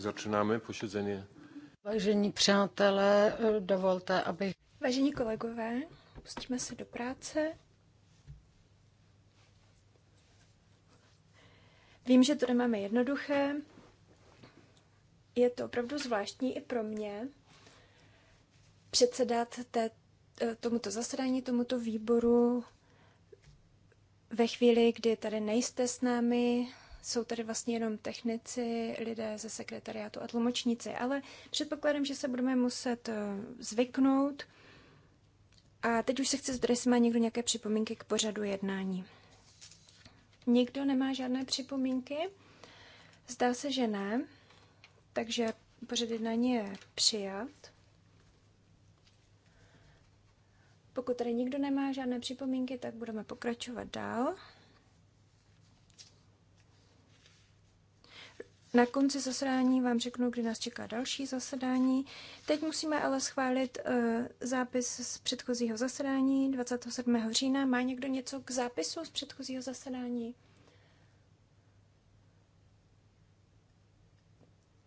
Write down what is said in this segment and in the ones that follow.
Začínáme posiedzenie. Vážení přátelé, dovolte, aby. Vážení kolegové, pustíme se do práce. Vím, že to nemáme jednoduché. Je to opravdu zvláštní i pro mě předsedat té, eh, tomuto zasedání, tomuto výboru ve chvíli, kdy tady nejste s námi, jsou tady vlastně jenom technici, lidé ze sekretariátu a tlumočníci, ale předpokládám, že se budeme muset eh, zvyknout. A teď už se chci zeptat, jestli má někdo nějaké připomínky k pořadu jednání. Nikdo nemá žádné připomínky? Zdá se, že ne. Takže pořad jednání je přijat. Pokud tady nikdo nemá žádné připomínky, tak budeme pokračovat dál. Na konci zasedání vám řeknu, kdy nás čeká další zasedání. Teď musíme ale schválit eh, zápis z předchozího zasedání 27. října. Má někdo něco k zápisu z předchozího zasedání?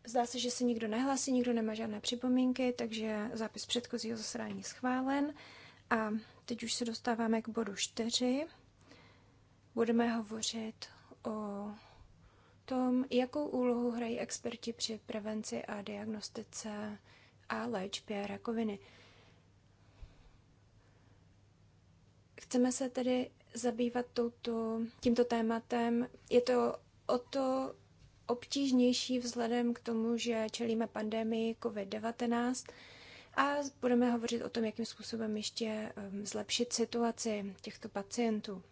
Zdá se, že se nikdo nehlásí, nikdo nemá žádné připomínky, takže zápis předchozího zasedání schválen. A teď už se dostáváme k bodu 4. Budeme hovořit o tom, jakou úlohu hrají experti při prevenci a diagnostice a léčbě rakoviny. Chceme se tedy zabývat touto, tímto tématem. Je to o to obtížnější vzhledem k tomu, že čelíme pandemii COVID-19 a budeme hovořit o tom, jakým způsobem ještě ehm, zlepšit situaci těchto pacientů.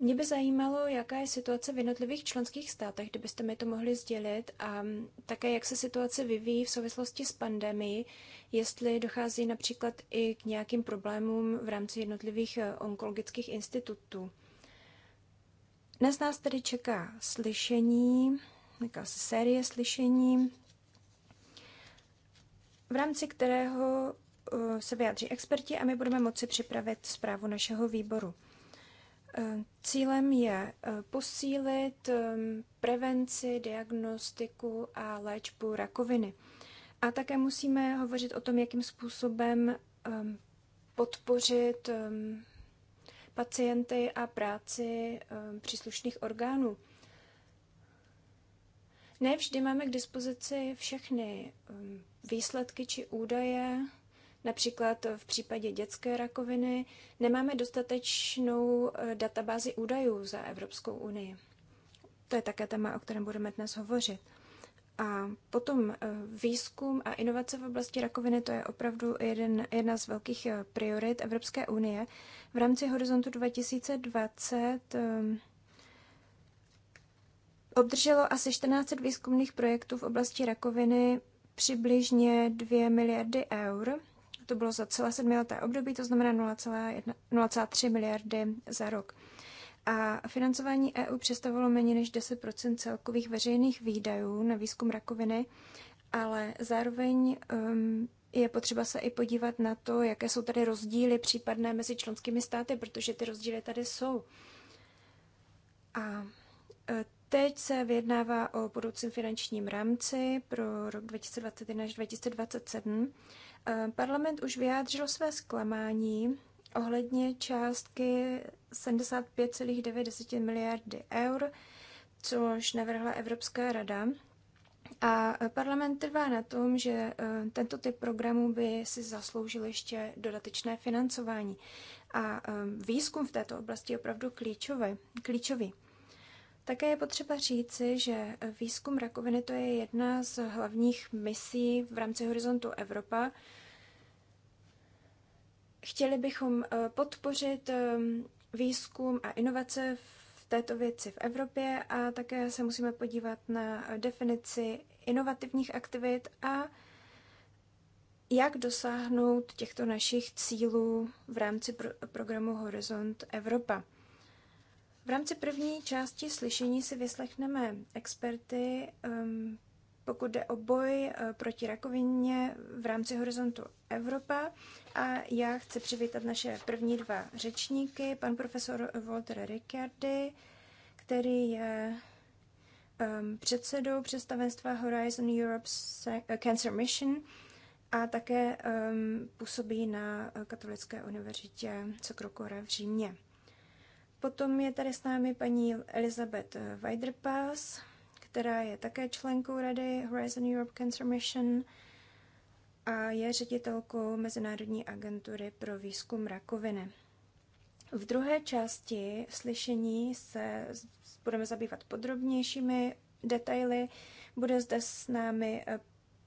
Mě by zajímalo, jaká je situace v jednotlivých členských státech, kdybyste mi to mohli sdělit, a také jak se situace vyvíjí v souvislosti s pandemií, jestli dochází například i k nějakým problémům v rámci jednotlivých eh, onkologických institutů. Dnes nás tedy čeká slyšení, nějaká série slyšení, v rámci kterého eh, se vyjádří experti a my budeme moci připravit zprávu našeho výboru. Eh, cílem je eh, posílit ehm, prevenci, diagnostiku a léčbu rakoviny. A také musíme hovořit o tom, jakým způsobem ehm, podpořit ehm, pacienty a práci příslušných orgánů. Nevždy máme k dispozici všechny výsledky či údaje Například v případě dětské rakoviny nemáme dostatečnou eh, databázi údajů za Evropskou unii. To je také téma, o kterém budeme dnes hovořit. A potom eh, výzkum a inovace v oblasti rakoviny, to je opravdu jeden, jedna z velkých eh, priorit Evropské unie. V rámci Horizontu 2020 obdrželo asi 14 výzkumných projektů v oblasti rakoviny přibližně 2 miliardy eur to bylo za celé sedmileté období, to znamená 0,3 miliardy za rok. A financování EU představovalo méně než 10 celkových veřejných výdajů na výzkum rakoviny, ale zároveň um, je potřeba se i podívat na to, jaké jsou tady rozdíly případné mezi členskými státy, protože ty rozdíly tady jsou. A e, teď se vyjednává o budoucím finančním rámci pro rok 2021 až 2027 Parlament už vyjádřil své zklamání ohledně částky 75,9 miliardy eur, což navrhla Evropská rada. A parlament trvá na tom, že e, tento typ programů by si zasloužil ještě dodatečné financování. A e, výzkum v této oblasti je opravdu klíčový. klíčový. Také je potřeba říci, že výzkum rakoviny to je jedna z hlavních misí v rámci Horizontu Evropa. Chtěli bychom eh, podpořit eh, výzkum a inovace v této věci v Evropě a také se musíme podívat na definici inovativních aktivit a jak dosáhnout těchto našich cílů v rámci pro- programu Horizont Evropa. V rámci první části slyšení si vyslechneme experty, um, pokud jde o boj uh, proti rakovině v rámci Horizontu Evropa. A já chci přivítat naše první dva řečníky, pan profesor Walter Ricciardi, který je um, předsedou představenstva Horizon Europe uh, Cancer Mission a také um, působí na Katolické univerzitě Cokrokoре v Římě. Potom je tady s námi paní Elizabeth eh, Weiderpass, která je také členkou Rady Horizon Europe Cancer Mission a je ředitelkou Mezinárodní agentury pro výzkum rakoviny. V druhé části slyšení se budeme zabývat podrobnějšími detaily. Bude zde s námi eh,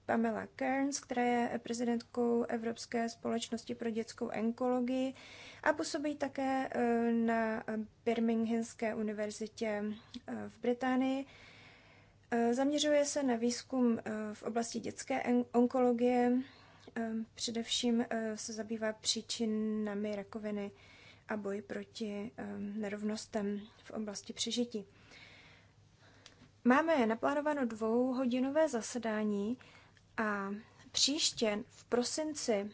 Pamela Kearns, která je prezidentkou Evropské společnosti pro dětskou onkologii, a působí také eh, na Birminghamské univerzitě eh, v Británii. Eh, zaměřuje se na výzkum v oblasti dětské onkologie, především se zabývá příčinami rakoviny a boj proti nerovnostem v oblasti přežití. Máme naplánováno dvouhodinové zasedání a příště v prosinci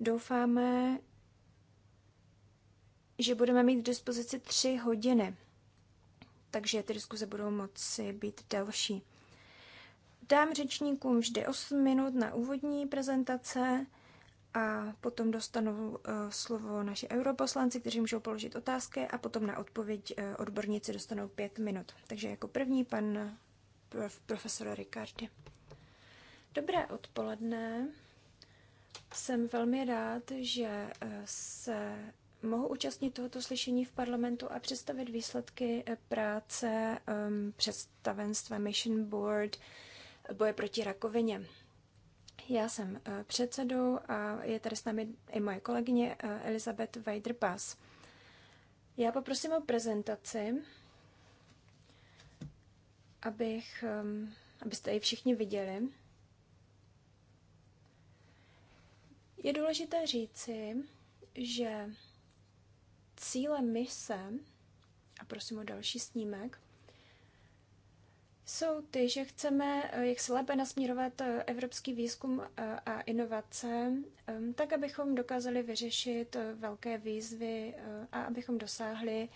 doufáme, že budeme mít k dispozici tři hodiny, takže ty diskuze budou moci být delší. Dám řečníkům vždy 8 minut na úvodní prezentace a potom dostanou uh, slovo naši europoslanci, kteří můžou položit otázky a potom na odpověď uh, odborníci dostanou 5 minut. Takže jako první pan profesor Ricardi. Dobré odpoledne. Jsem velmi rád, že uh, se mohu účastnit tohoto slyšení v parlamentu a představit výsledky eh, práce um, představenstva Mission Board eh, boje proti rakovině. Já jsem eh, předsedou a je tady s námi i moje kolegyně Elizabeth Weiderpass. Já poprosím o prezentaci, abych, ehm, abyste ji všichni viděli. Je důležité říci, že Cílem mise, a prosím o další snímek, jsou ty, že chceme eh, jak se lépe nasměrovat eh, evropský výzkum eh, a inovace, ehm, tak abychom dokázali vyřešit velké výzvy a abychom dosáhli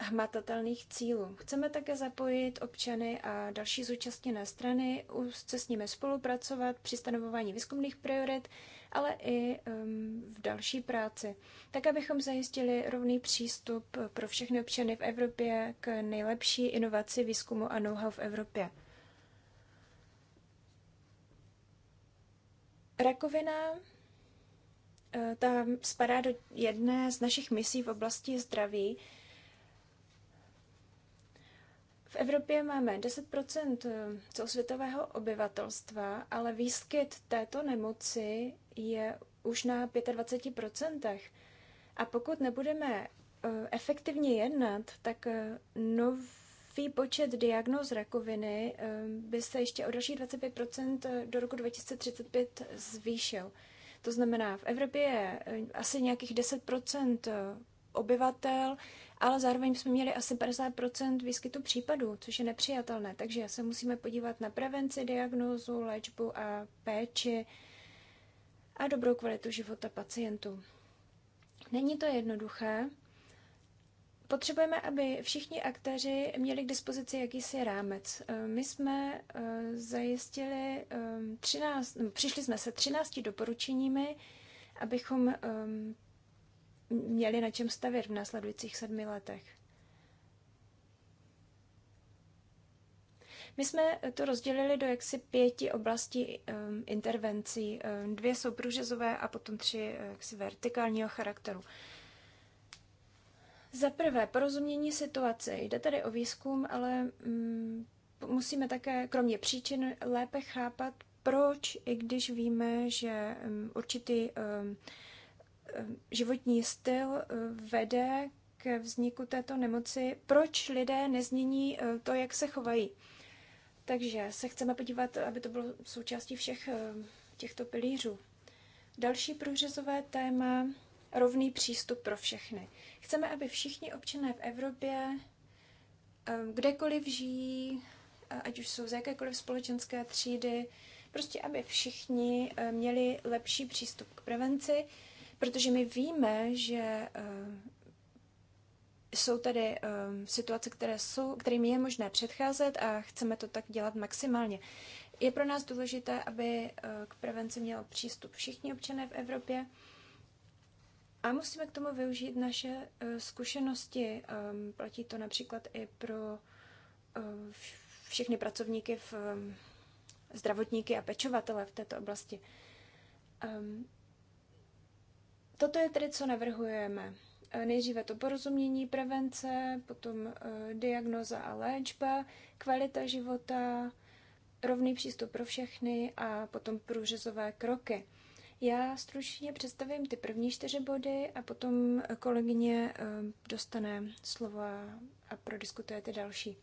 hmatatelných cílů. Chceme také zapojit občany a další zúčastněné strany, úzce s nimi spolupracovat při stanovování výzkumných priorit ale i v další práci, tak abychom zajistili rovný přístup eh, pro všechny občany v Evropě k nejlepší inovaci, výzkumu a know-how v Evropě. Rakovina eh, ta spadá do jedné z našich misí v oblasti zdraví. V Evropě máme 10 eh, celosvětového obyvatelstva, ale výskyt této nemoci je už na 25%. A pokud nebudeme eh, efektivně jednat, tak eh, nový počet diagnóz rakoviny eh, by se ještě o další 25% do roku 2035 zvýšil. To znamená, v Evropě je asi nějakých 10% obyvatel, ale zároveň jsme měli asi 50% výskytu případů, což je nepřijatelné. Takže se musíme podívat na prevenci, diagnózu, léčbu a péči a dobrou kvalitu života pacientů. Není to jednoduché. Potřebujeme, aby všichni aktéři měli k dispozici jakýsi rámec. Eh, my jsme eh, zajistili 13, eh, přišli jsme se 13 doporučeními, abychom měli na čem stavět v následujících sedmi letech. My jsme to rozdělili do jaksi pěti oblastí um, intervencí. Ehm, dvě jsou průřezové a potom tři eh, jaksi vertikálního charakteru. Za prvé, porozumění situace. Jde tady o výzkum, ale um, musíme také, kromě příčin, lépe chápat, proč, i když víme, že ehm, určitý životní styl eh, vede k vzniku této nemoci, proč lidé nezmění eh, to, jak se chovají. Takže se chceme podívat, aby to bylo součástí všech eh, těchto pilířů. Další průřezové téma rovný přístup pro všechny. Chceme, aby všichni občané v Evropě, eh, kdekoliv žijí, ať už jsou z jakékoliv společenské třídy, prostě aby všichni eh, měli lepší přístup k prevenci, protože my víme, že jsou tedy um, situace, které jsou, kterým je možné předcházet a chceme to tak dělat maximálně. Je pro nás důležité, aby uh, k prevenci měl přístup všichni občané v Evropě a musíme k tomu využít naše uh, zkušenosti. Um, platí to například i pro uh, všechny pracovníky, v, um, zdravotníky a pečovatele v této oblasti. Um, toto je tedy, co navrhujeme nejdříve to porozumění, prevence, potom eh, diagnoza a léčba, kvalita života, rovný přístup pro všechny a potom průřezové kroky. Já stručně představím ty první čtyři body a potom kolegyně eh, dostane slova a prodiskutuje ty další.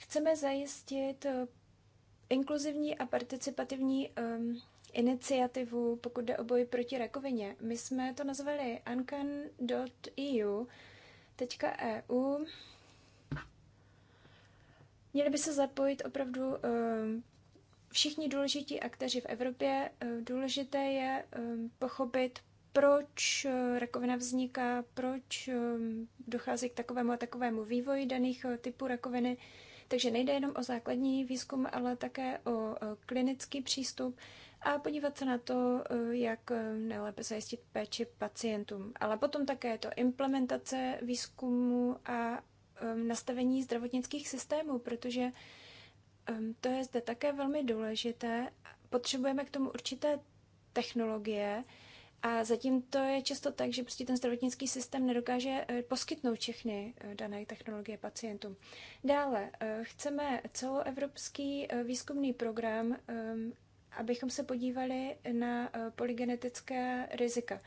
Chceme zajistit eh, inkluzivní a participativní um, iniciativu, pokud jde o boj proti rakovině. My jsme to nazvali uncan.eu, teďka EU. Měli by se zapojit opravdu ehm, všichni důležití akteři v Evropě. Ehm, důležité je ehm, pochopit, proč eh, rakovina vzniká, proč dochází k takovému a takovému vývoji daných eh, typů rakoviny. Takže nejde jenom o základní výzkum, ale také o eh, klinický přístup a podívat se na to, eh, jak eh, nejlépe zajistit péči pacientům. Ale potom také je to implementace výzkumu a eh, nastavení zdravotnických systémů, protože to je zde také velmi důležité. Potřebujeme k tomu určité technologie, a zatím to je často tak, že prostě ten zdravotnický systém nedokáže poskytnout všechny dané technologie pacientům. Dále chceme celoevropský výzkumný program abychom se podívali na eh, polygenetické rizika.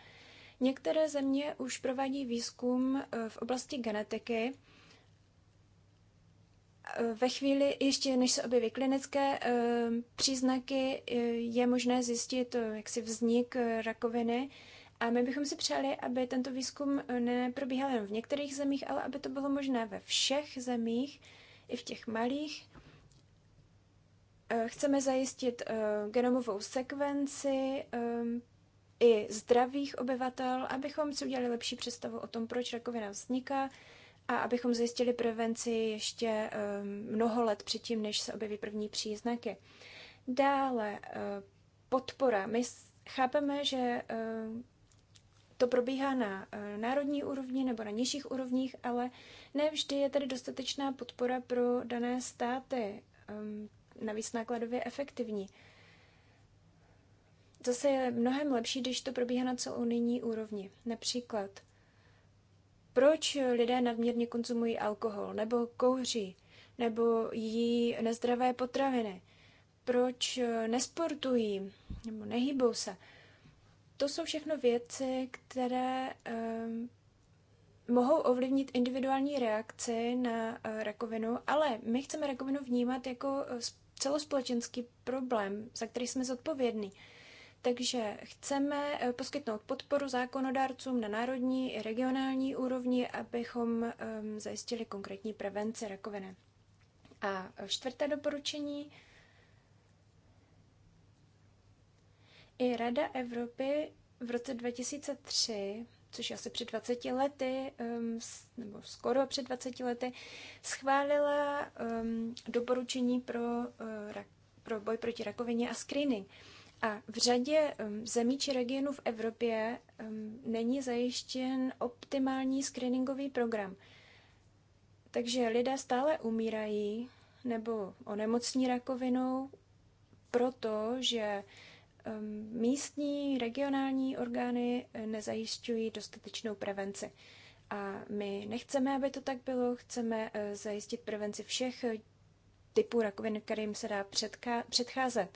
Některé země už provádí výzkum eh, v oblasti genetiky. Eh, ve chvíli, ještě než se objeví klinické příznaky, je možné zjistit, jak si vznik rakoviny. A my bychom si přáli, aby tento výzkum neprobíhal jen v některých zemích, ale aby to bylo možné ve všech zemích, i v těch malých, Eh, chceme zajistit eh, genomovou sekvenci ehm, i zdravých obyvatel, abychom si udělali lepší představu o tom, proč rakovina vzniká a abychom zajistili prevenci ještě ehm, mnoho let předtím, než se objeví první příznaky. Dále eh, podpora. My chápeme, že ehm, to probíhá na národní úrovni nebo na nižších úrovních, ale nevždy je tady dostatečná podpora pro dané státy navíc nákladově efektivní. Zase je mnohem lepší, když to probíhá na co unijní úrovni. Například, proč lidé nadměrně konzumují alkohol, nebo kouří, nebo jí nezdravé potraviny, proč nesportují, nebo nehýbou se. To jsou všechno věci, které eh, mohou ovlivnit individuální reakci na eh, rakovinu, ale my chceme rakovinu vnímat jako eh, celospolečenský problém, za který jsme zodpovědní. Takže chceme eh, poskytnout podporu zákonodárcům na národní i regionální úrovni, abychom ehm, zajistili konkrétní prevenci rakoviny. A čtvrté doporučení. I Rada Evropy v roce 2003 což asi před 20 lety, nebo skoro před 20 lety, schválila doporučení pro, eh, pro boj proti rakovině a screening. A v řadě zemí či regionů v Evropě není zajištěn optimální screeningový program. Takže lidé stále umírají nebo onemocní rakovinou, protože Ehm, místní, regionální orgány eh, nezajišťují dostatečnou prevenci. A my nechceme, aby to tak bylo, chceme eh, zajistit prevenci všech eh, typů rakovin, kterým se dá předcházet.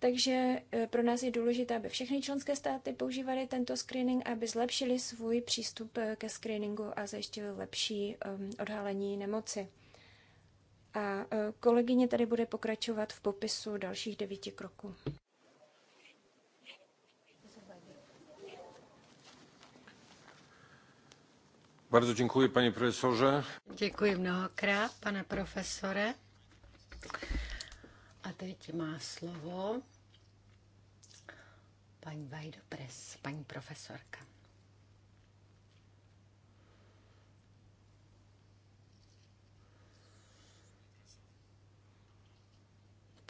Takže pro nás je důležité, aby všechny členské státy používaly tento screening, aby zlepšili svůj přístup ke screeningu a zajištili lepší ehm, odhalení nemoci. A e, kolegyně tady bude pokračovat v popisu dalších devíti kroků. Bardzo děkuji, paní profesorze. Děkuji mnohokrát, pane profesore. A teď má slovo paní Vajdopres, paní profesorka.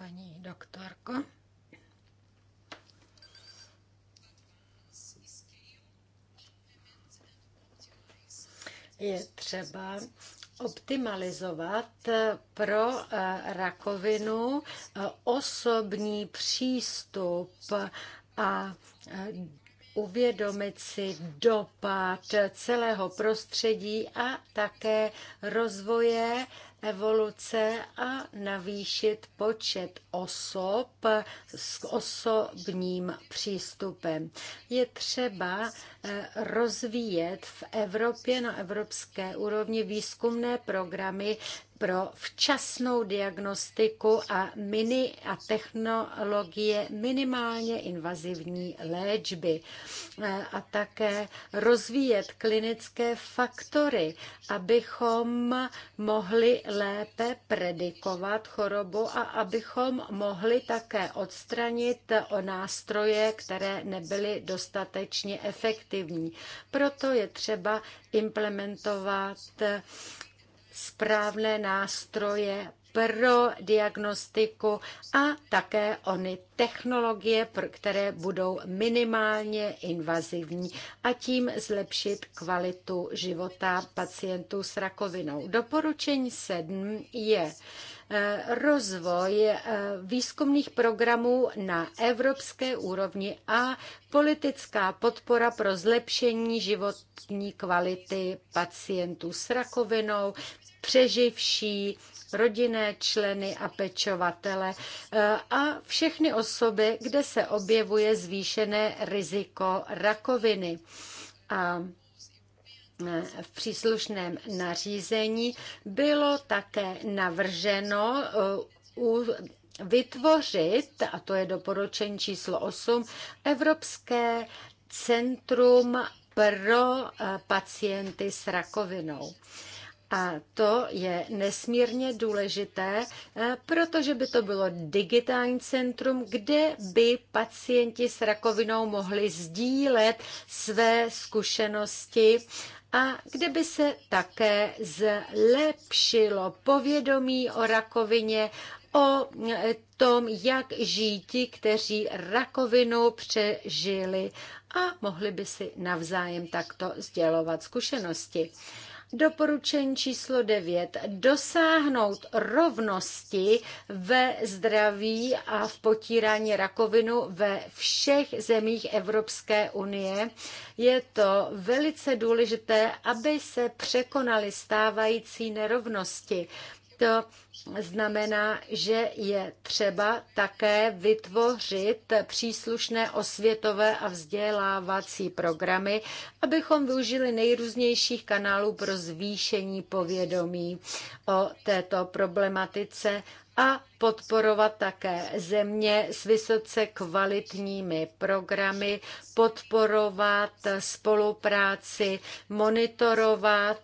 paní doktorko. Je třeba optimalizovat pro eh, rakovinu eh, osobní přístup a eh, uvědomit si dopad celého prostředí a také rozvoje evoluce a navýšit počet osob s osobním přístupem. Je třeba eh, rozvíjet v Evropě na evropské úrovni výzkumné programy, pro včasnou diagnostiku a, mini a technologie minimálně invazivní léčby eh, a také rozvíjet klinické faktory, abychom mohli lépe predikovat chorobu a abychom mohli také odstranit o nástroje, které nebyly dostatečně efektivní. Proto je třeba implementovat správné nástroje pro diagnostiku a také ony technologie, které budou minimálně invazivní a tím zlepšit kvalitu života pacientů s rakovinou. Doporučení sedm je eh, rozvoj eh, výzkumných programů na evropské úrovni a politická podpora pro zlepšení životní kvality pacientů s rakovinou, přeživší, rodinné členy a pečovatele eh, a všechny osoby, kde se objevuje zvýšené riziko rakoviny. A eh, v příslušném nařízení bylo také navrženo eh, vytvořit, a to je doporučení číslo 8, Evropské centrum pro pacienty s rakovinou. A to je nesmírně důležité, eh, protože by to bylo digitální centrum, kde by pacienti s rakovinou mohli sdílet své zkušenosti a kde by se také zlepšilo povědomí o rakovině, o eh, tom, jak žijí ti, kteří rakovinu přežili a mohli by si navzájem takto sdělovat zkušenosti. Doporučení číslo 9. Dosáhnout rovnosti ve zdraví a v potírání rakovinu ve všech zemích Evropské unie. Je to velice důležité, aby se překonaly stávající nerovnosti. To znamená, že je třeba také vytvořit příslušné osvětové a vzdělávací programy, abychom využili nejrůznějších kanálů pro zvýšení povědomí o této problematice a podporovat také země s vysoce kvalitními programy, podporovat spolupráci, monitorovat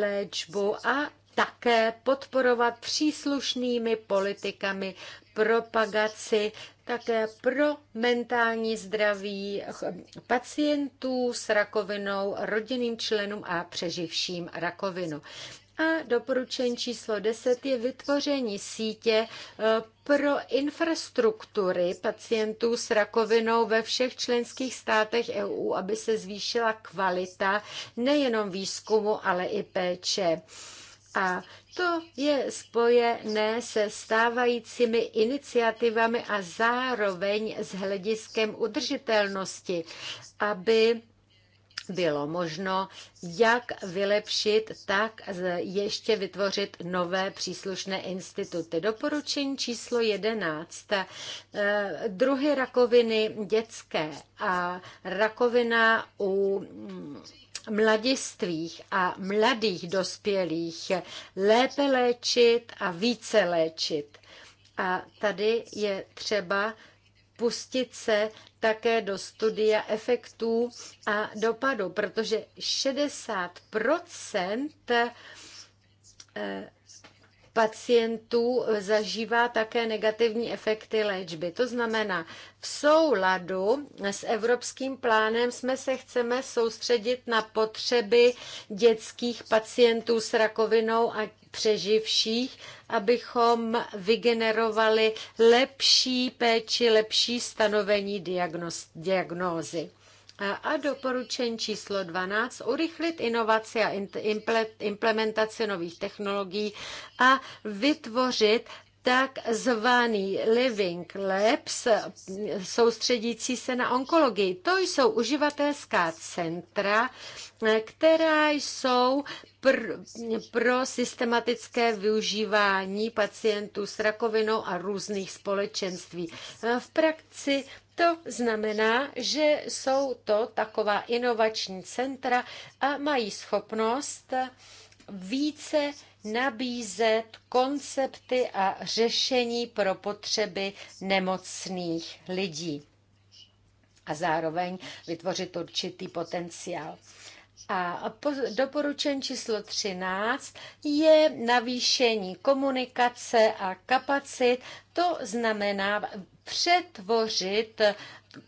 léčbu a také podporovat příslušnými politikami propagaci také pro mentální zdraví pacientů s rakovinou, rodinným členům a přeživším rakovinu. A doporučení číslo 10 je vytvoření sítě eh, pro infrastruktury pacientů s rakovinou ve všech členských státech EU, aby se zvýšila kvalita nejenom výzkumu, ale i péče a to je spojené se stávajícími iniciativami a zároveň s hlediskem udržitelnosti, aby bylo možno, jak vylepšit, tak ještě vytvořit nové příslušné instituty. Doporučení číslo 11. Eh, druhy rakoviny dětské a rakovina u mm, mladistvých a mladých dospělých lépe léčit a více léčit. A tady je třeba pustit se také do studia efektů a dopadu, protože 60 pacientů eh, zažívá také negativní efekty léčby. To znamená, v souladu s evropským plánem jsme se chceme soustředit na potřeby dětských pacientů s rakovinou a přeživších, abychom vygenerovali lepší péči, lepší stanovení diagnózy a doporučení číslo 12 urychlit inovaci a implementaci nových technologií a vytvořit takzvaný Living Labs, soustředící se na onkologii. To jsou uživatelská centra, eh, která jsou pr- pro systematické využívání pacientů s rakovinou a různých společenství. Eh, v praxi to znamená, že jsou to taková inovační centra a mají schopnost více nabízet koncepty a řešení pro potřeby nemocných lidí a zároveň vytvořit určitý potenciál. A doporučení číslo 13 je navýšení komunikace a kapacit, to znamená přetvořit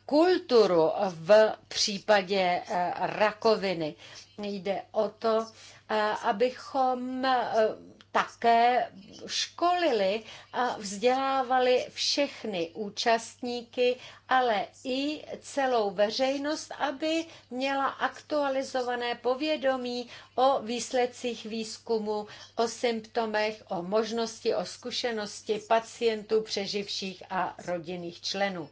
kulturu v případě eh, rakoviny. Jde o to, eh, abychom eh, také školili a vzdělávali všechny účastníky, ale i celou veřejnost, aby měla aktualizované povědomí o výsledcích výzkumu, o symptomech, o možnosti, o zkušenosti pacientů, přeživších a rodinných členů.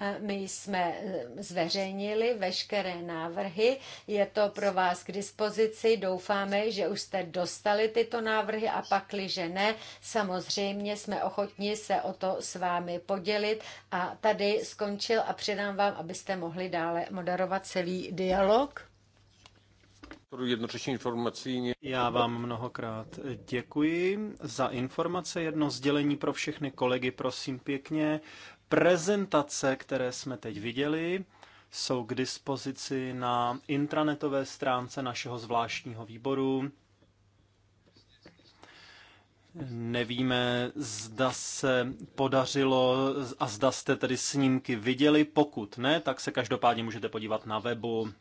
Eh, my jsme eh, zveřejnili veškeré návrhy, je to pro vás k dispozici, doufáme, že už jste dostali tyto návrhy a že ne, samozřejmě jsme ochotni se o to s vámi podělit a tady skončil a předám vám, abyste mohli dále moderovat celý dialog. Já vám mnohokrát děkuji za informace. Jedno sdělení pro všechny kolegy, prosím pěkně. Prezentace, které jsme teď viděli, jsou k dispozici na intranetové stránce našeho zvláštního výboru. Nevíme, zda se podařilo a zda jste tedy snímky viděli. Pokud ne, tak se každopádně můžete podívat na webu,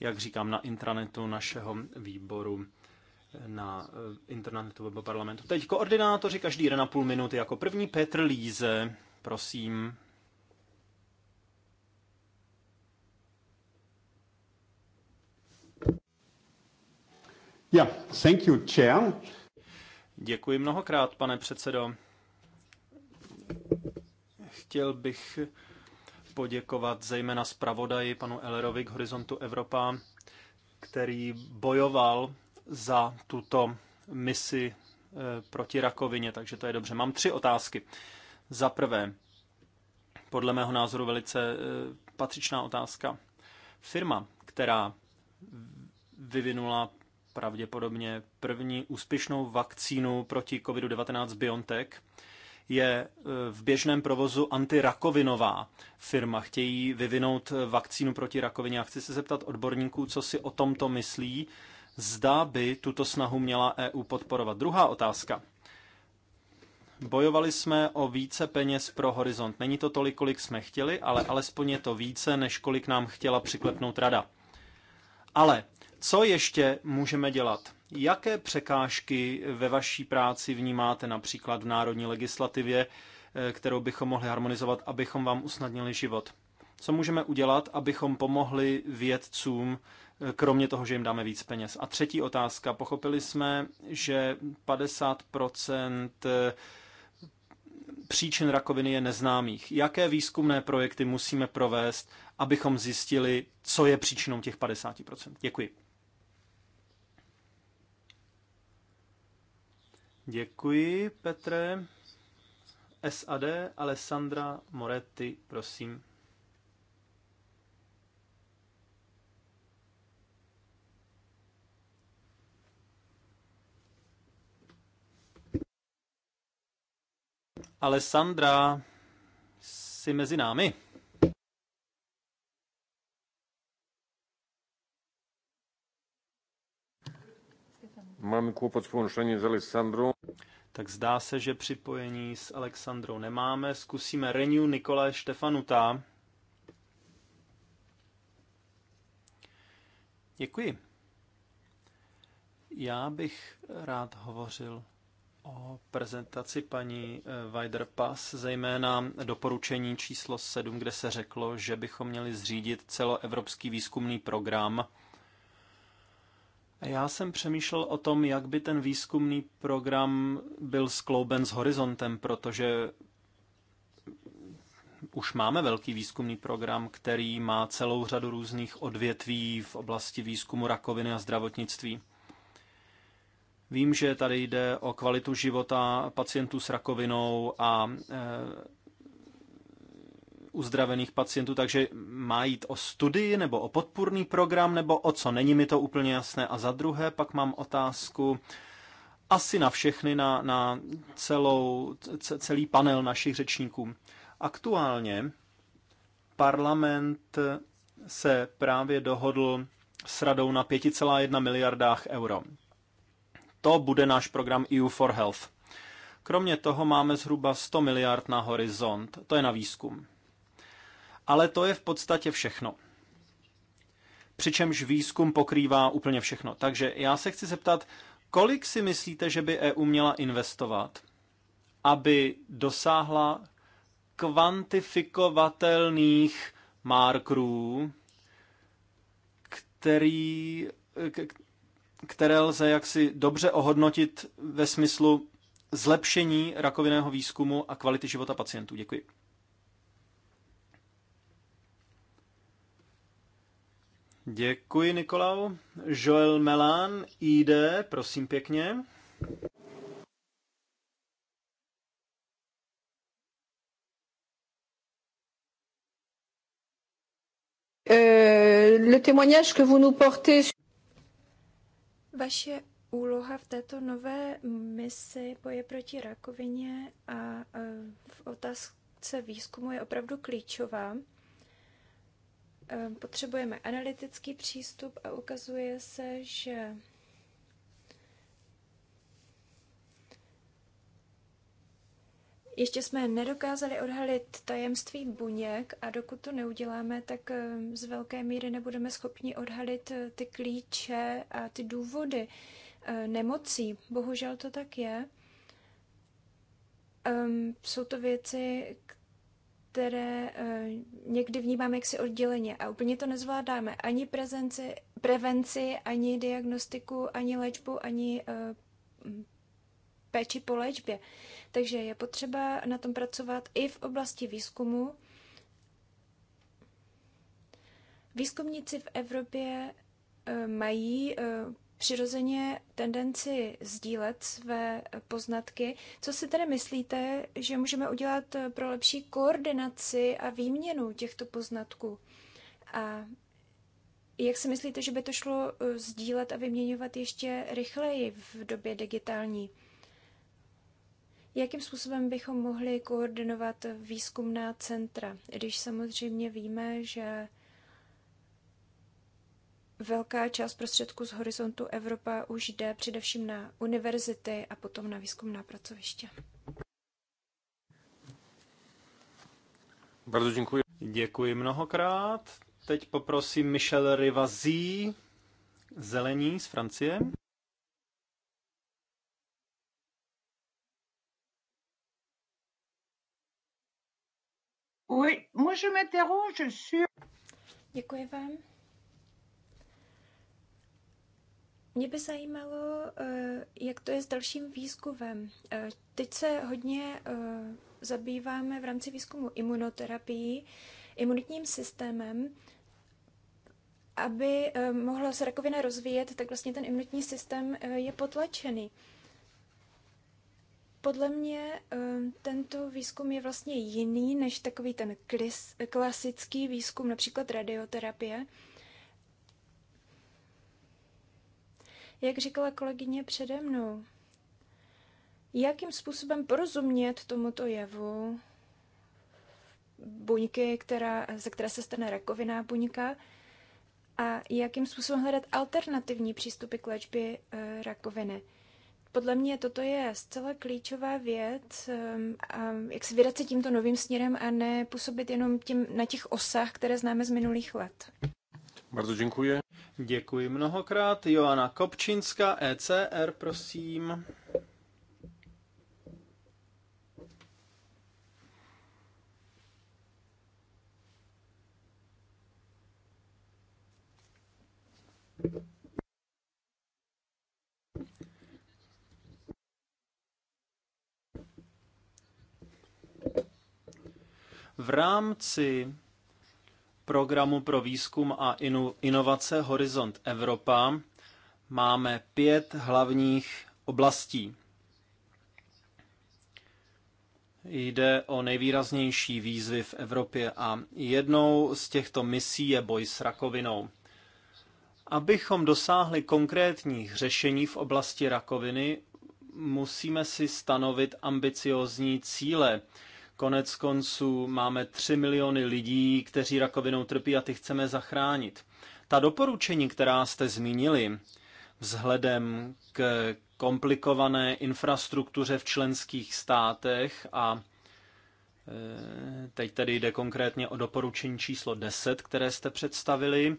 jak říkám, na intranetu našeho výboru na eh, internetu webu parlamentu. Teď koordinátoři každý den na půl minuty. Jako první Petr Líze Prosím. Yeah, thank you, chair. Děkuji mnohokrát, pane předsedo. Chtěl bych poděkovat zejména zpravodaji panu Ellerovi k Horizontu Evropa, který bojoval za tuto misi eh, proti rakovině, takže to je dobře. Mám tři otázky. Za prvé, podle mého názoru velice e, patřičná otázka. Firma, která vyvinula pravděpodobně první úspěšnou vakcínu proti COVID-19 BioNTech, je e, v běžném provozu antirakovinová firma. Chtějí vyvinout e, vakcínu proti rakovině. A chci se zeptat odborníků, co si o tomto myslí. Zdá by tuto snahu měla EU podporovat. Druhá otázka. Bojovali jsme o více peněz pro Horizont. Není to tolik, kolik jsme chtěli, ale alespoň je to více, než kolik nám chtěla přiklepnout rada. Ale co ještě můžeme dělat? Jaké překážky ve vaší práci vnímáte například v národní legislativě, eh, kterou bychom mohli harmonizovat, abychom vám usnadnili život? Co můžeme udělat, abychom pomohli vědcům, eh, kromě toho, že jim dáme víc peněz? A třetí otázka. Pochopili jsme, že 50 příčin rakoviny je neznámých. Jaké výzkumné projekty musíme provést, abychom zjistili, co je příčinou těch 50%? Děkuji. Děkuji, Petre. SAD Alessandra Moretti, prosím. ale Sandra si mezi námi. Máme kůpot společení s Alexandrou. Tak zdá se, že připojení s Alexandrou nemáme. Zkusíme Renew Nikolaje Štefanuta. Děkuji. Já bych rád hovořil o prezentaci paní eh, Weiderpass, zejména doporučení číslo 7, kde se řeklo, že bychom měli zřídit celoevropský výzkumný program. Já jsem přemýšlel o tom, jak by ten výzkumný program byl sklouben s horizontem, protože už máme velký výzkumný program, který má celou řadu různých odvětví v oblasti výzkumu rakoviny a zdravotnictví. Vím, že tady jde o kvalitu života pacientů s rakovinou a e, uzdravených pacientů, takže má jít o studii nebo o podpůrný program nebo o co? Není mi to úplně jasné. A za druhé pak mám otázku asi na všechny, na, na celou, celý panel našich řečníků. Aktuálně parlament se právě dohodl s radou na 5,1 miliardách euro. To bude náš program EU for Health. Kromě toho máme zhruba 100 miliard na horizont, to je na výzkum. Ale to je v podstatě všechno. Přičemž výzkum pokrývá úplně všechno. Takže já se chci zeptat, kolik si myslíte, že by EU měla investovat, aby dosáhla kvantifikovatelných markerů, který, které lze jaksi dobře ohodnotit ve smyslu zlepšení rakovinného výzkumu a kvality života pacientů. Děkuji. Děkuji, Nikolau. Joel Melan, ID, prosím pěkně. Euh, le témoignage que vous nous portez vaše úloha v této nové misi boje proti rakovině a v otázce výzkumu je opravdu klíčová. Potřebujeme analytický přístup a ukazuje se, že Ještě jsme nedokázali odhalit tajemství buněk a dokud to neuděláme, tak eh, z velké míry nebudeme schopni odhalit eh, ty klíče a ty důvody eh, nemocí. Bohužel to tak je. Ehm, jsou to věci, které někdy vnímáme jaksi odděleně a úplně to nezvládáme. Ani prezenci, prevenci, ani diagnostiku, ani léčbu, ani péči po léčbě. Takže je potřeba na tom pracovat i v oblasti výzkumu. Výzkumníci v Evropě e, mají e, přirozeně tendenci sdílet své poznatky. Co si tedy myslíte, že můžeme udělat e, pro lepší koordinaci a výměnu těchto poznatků? A jak si myslíte, že by to šlo sdílet a vyměňovat ještě rychleji v době digitální? Jakým způsobem bychom mohli koordinovat výzkumná centra, když samozřejmě víme, že velká část prostředků z horizontu Evropa už jde především na univerzity a potom na výzkumná pracoviště. Bardzo děkuji. Děkuji mnohokrát. Teď poprosím Michel Rivazí, zelení z Francie. Oui, moi je m'interroge sur... Děkuji vám. Mě by zajímalo, eh, jak to je s dalším výzkumem. Eh, teď se hodně eh, zabýváme v rámci výzkumu imunoterapií, imunitním systémem. Aby mohla se rakovina rozvíjet, tak vlastně ten imunitní systém je potlačený. Podle mě ehm, tento výzkum je vlastně jiný než takový ten klasický výzkum, například radioterapie. Jak říkala kolegyně přede mnou, jakým způsobem porozumět tomuto jevu buňky, která, ze které se stane rakoviná buňka, a jakým způsobem hledat alternativní přístupy k léčbě eh, rakoviny. Podle mě toto je zcela klíčová věc, ehm, a jak se vydat se tímto novým směrem a ne působit jenom tím, na těch osách, které známe z minulých let. Bardzo děkuji. Děkuji mnohokrát. Joana Kopčinska, ECR, prosím. V rámci programu pro výzkum a inovace Horizont Evropa máme pět hlavních oblastí. Jde o nejvýraznější výzvy v Evropě a jednou z těchto misí je boj s rakovinou. Abychom dosáhli konkrétních řešení v oblasti rakoviny, musíme si stanovit ambiciózní cíle, Konec konců máme 3 miliony lidí, kteří rakovinou trpí a ty chceme zachránit. Ta doporučení, která jste zmínili, vzhledem k komplikované infrastruktuře v členských státech a e, teď tedy jde konkrétně o doporučení číslo 10, které jste představili,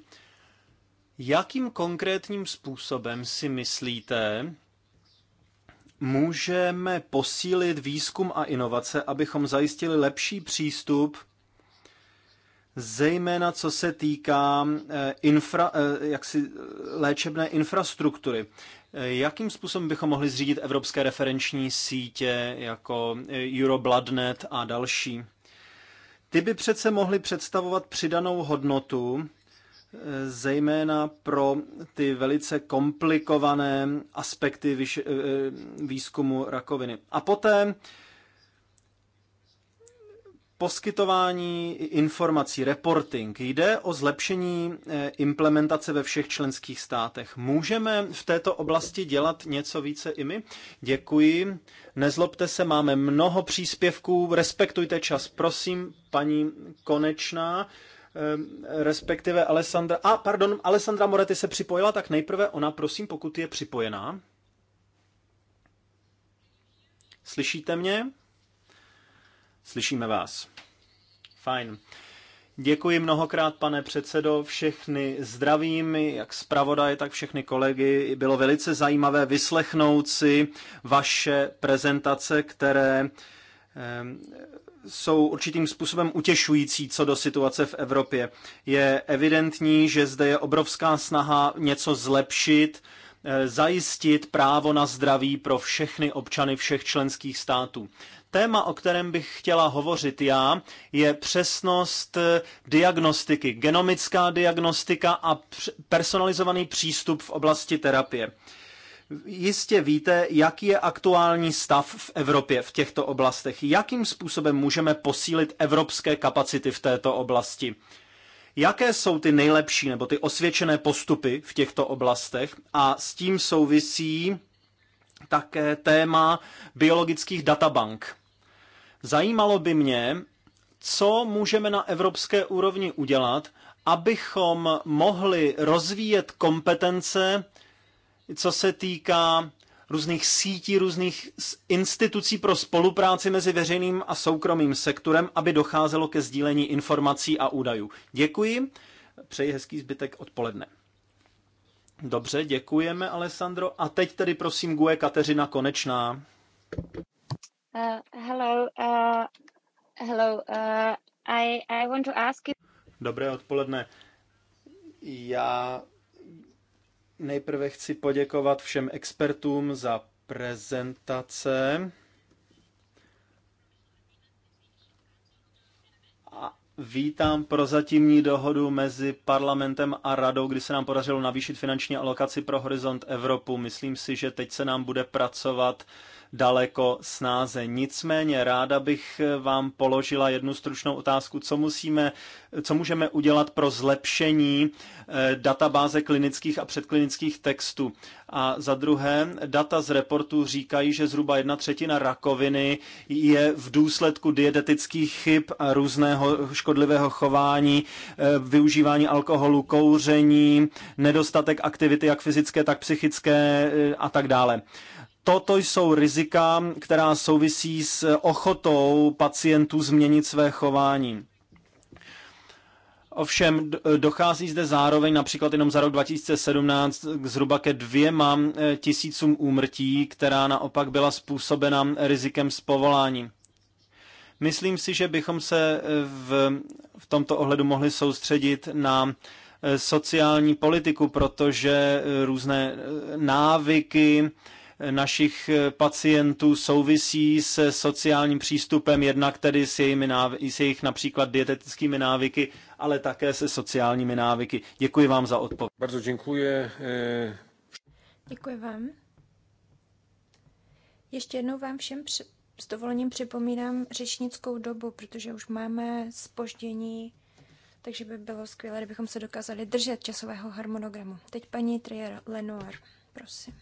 jakým konkrétním způsobem si myslíte, můžeme posílit výzkum a inovace, abychom zajistili lepší přístup, zejména co se týká eh, infra, eh, jaksi eh, léčebné infrastruktury. Jakým způsobem bychom mohli zřídit evropské referenční sítě jako Eurobloodnet a další? Ty by přece mohly představovat přidanou hodnotu zejména pro ty velice komplikované aspekty eh, výzkumu rakoviny. A poté poskytování informací, reporting. Jde o zlepšení eh, implementace ve všech členských státech. Můžeme v této oblasti dělat něco více i my? Děkuji. Nezlobte se, máme mnoho příspěvků. Respektujte čas. Prosím, paní Konečná. Ehm, respektive Alessandra... A, pardon, Alessandra Moretti se připojila, tak nejprve ona, prosím, pokud je připojená. Slyšíte mě? Slyšíme vás. Fajn. Děkuji mnohokrát, pane předsedo, všechny zdravím, jak zpravodaj, tak všechny kolegy. Bylo velice zajímavé vyslechnout si vaše prezentace, které ehm, jsou určitým způsobem utěšující co do situace v Evropě. Je evidentní, že zde je obrovská snaha něco zlepšit, eh, zajistit právo na zdraví pro všechny občany všech členských států. Téma, o kterém bych chtěla hovořit já, je přesnost eh, diagnostiky, genomická diagnostika a personalizovaný přístup v oblasti terapie. Jistě víte, jaký je aktuální stav v Evropě v těchto oblastech. Jakým způsobem můžeme posílit evropské kapacity v této oblasti? Jaké jsou ty nejlepší nebo ty osvědčené postupy v těchto oblastech? A s tím souvisí také téma biologických databank. Zajímalo by mě, co můžeme na evropské úrovni udělat, abychom mohli rozvíjet kompetence co se týká různých sítí, různých institucí pro spolupráci mezi veřejným a soukromým sektorem, aby docházelo ke sdílení informací a údajů. Děkuji, přeji hezký zbytek odpoledne. Dobře, děkujeme, Alessandro. A teď tedy prosím Gue Kateřina Konečná. Uh, hello, uh, hello, uh, I, I want to ask you... Dobré odpoledne. Já Nejprve chci poděkovat všem expertům za prezentace. A vítám prozatímní dohodu mezi parlamentem a radou, kdy se nám podařilo navýšit finanční alokaci pro Horizont Evropu. Myslím si, že teď se nám bude pracovat daleko snáze. Nicméně ráda bych vám položila jednu stručnou otázku, co, musíme, co můžeme udělat pro zlepšení eh, databáze klinických a předklinických textů. A za druhé, data z reportu říkají, že zhruba jedna třetina rakoviny je v důsledku dietetických chyb a různého škodlivého chování, eh, využívání alkoholu, kouření, nedostatek aktivity jak fyzické, tak psychické eh, a tak dále. Toto jsou rizika, která souvisí s ochotou pacientů změnit své chování. Ovšem dochází zde zároveň například jenom za rok 2017 k zhruba ke dvěma eh, tisícům úmrtí, která naopak byla způsobena rizikem z povolání. Myslím si, že bychom se eh, v, v tomto ohledu mohli soustředit na eh, sociální politiku, protože různé návyky, našich eh, pacientů souvisí se sociálním přístupem, jednak tedy s, jejimi návy, s jejich například dietetickými návyky, ale také se sociálními návyky. Děkuji vám za odpověď. Bardzo děkuji. E, děkuji vám. Ještě jednou vám všem při- s dovolením připomínám řečnickou dobu, protože už máme spoždění, takže by bylo skvělé, kdybychom se dokázali držet časového harmonogramu. Teď paní Trier Lenoir, prosím.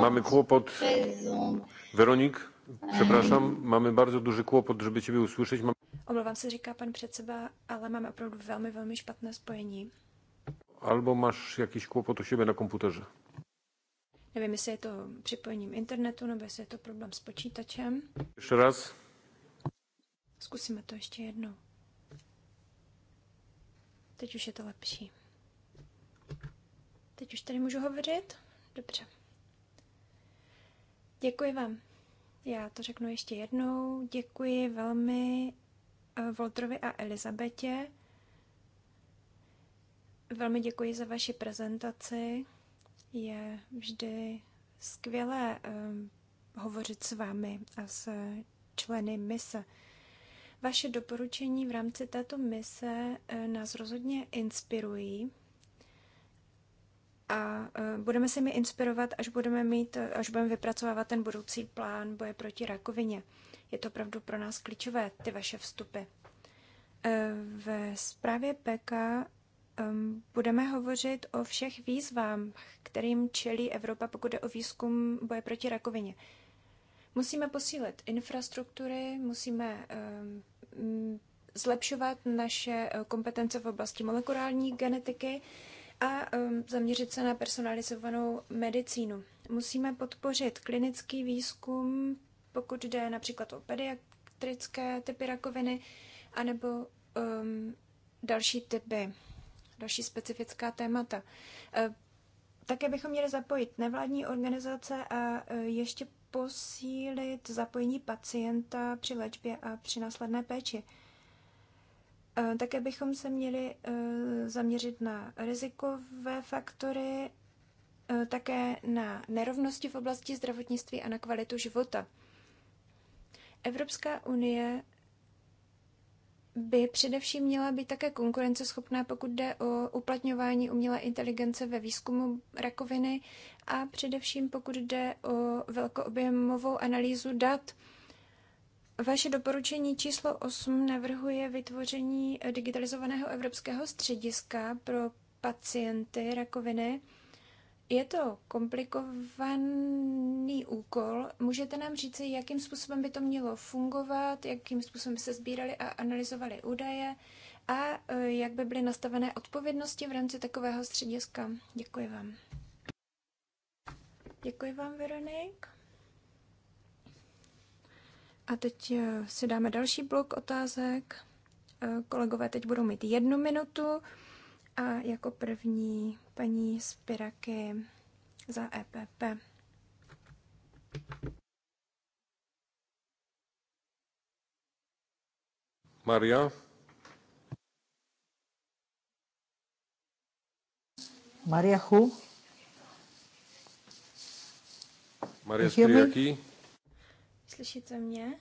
Mamy kłopot. Veronik, przepraszam, mamy bardzo duży kłopot, żeby Ciebie usłyszeć. Mam... Omlouvám se, říká pan předseba, ale máme opravdu velmi, velmi špatné spojení. Albo máš jakiś kłopot u siebie na komputerze. Nevím, jestli je to připojením internetu, nebo jestli je to problém s počítačem. Ještě raz. Zkusíme to ještě jednou. Teď už je to lepší. Teď už tady můžu hovořit? Dobře. Děkuji vám. Já to řeknu ještě jednou. Děkuji velmi eh, Voltrovi a Elizabetě. Velmi děkuji za vaši prezentaci. Je vždy skvělé um, hovořit s vámi a s členy mise. Vaše doporučení v rámci této mise eh, nás rozhodně inspirují a e, budeme se mi inspirovat, až budeme mít, až budeme vypracovávat ten budoucí plán boje proti rakovině. Je to opravdu pro nás klíčové, ty vaše vstupy. E, ve zprávě PK e, budeme hovořit o všech výzvách, kterým čelí Evropa, pokud je o výzkum boje proti rakovině. Musíme posílit infrastruktury, musíme zlepšovat naše kompetence v oblasti molekulární genetiky a zaměřit se na personalizovanou medicínu. Musíme podpořit klinický výzkum, pokud jde například o pediatrické typy rakoviny, anebo um, další typy, další specifická témata. E, také bychom měli zapojit nevládní organizace a e, ještě posílit zapojení pacienta při léčbě a při následné péči. Eh, také bychom se měli eh, zaměřit na rizikové faktory, eh, také na nerovnosti v oblasti zdravotnictví a na kvalitu života. Evropská unie by především měla být také konkurenceschopná, pokud jde o uplatňování umělé inteligence ve výzkumu rakoviny a především pokud jde o velkoobjemovou analýzu dat. Vaše doporučení číslo 8 navrhuje vytvoření digitalizovaného evropského střediska pro pacienty rakoviny. Je to komplikovaný úkol. Můžete nám říci, jakým způsobem by to mělo fungovat, jakým způsobem se sbírali a analyzovali údaje a e, jak by byly nastavené odpovědnosti v rámci takového střediska. Děkuji vám. Děkuji vám, Veronika. A teď eh, si dáme další blok otázek. Eh, kolegové teď budou mít jednu minutu a jako první paní Spiraky za EPP. Maria. Maria who? Maria Spiraki. Slyšíte mě?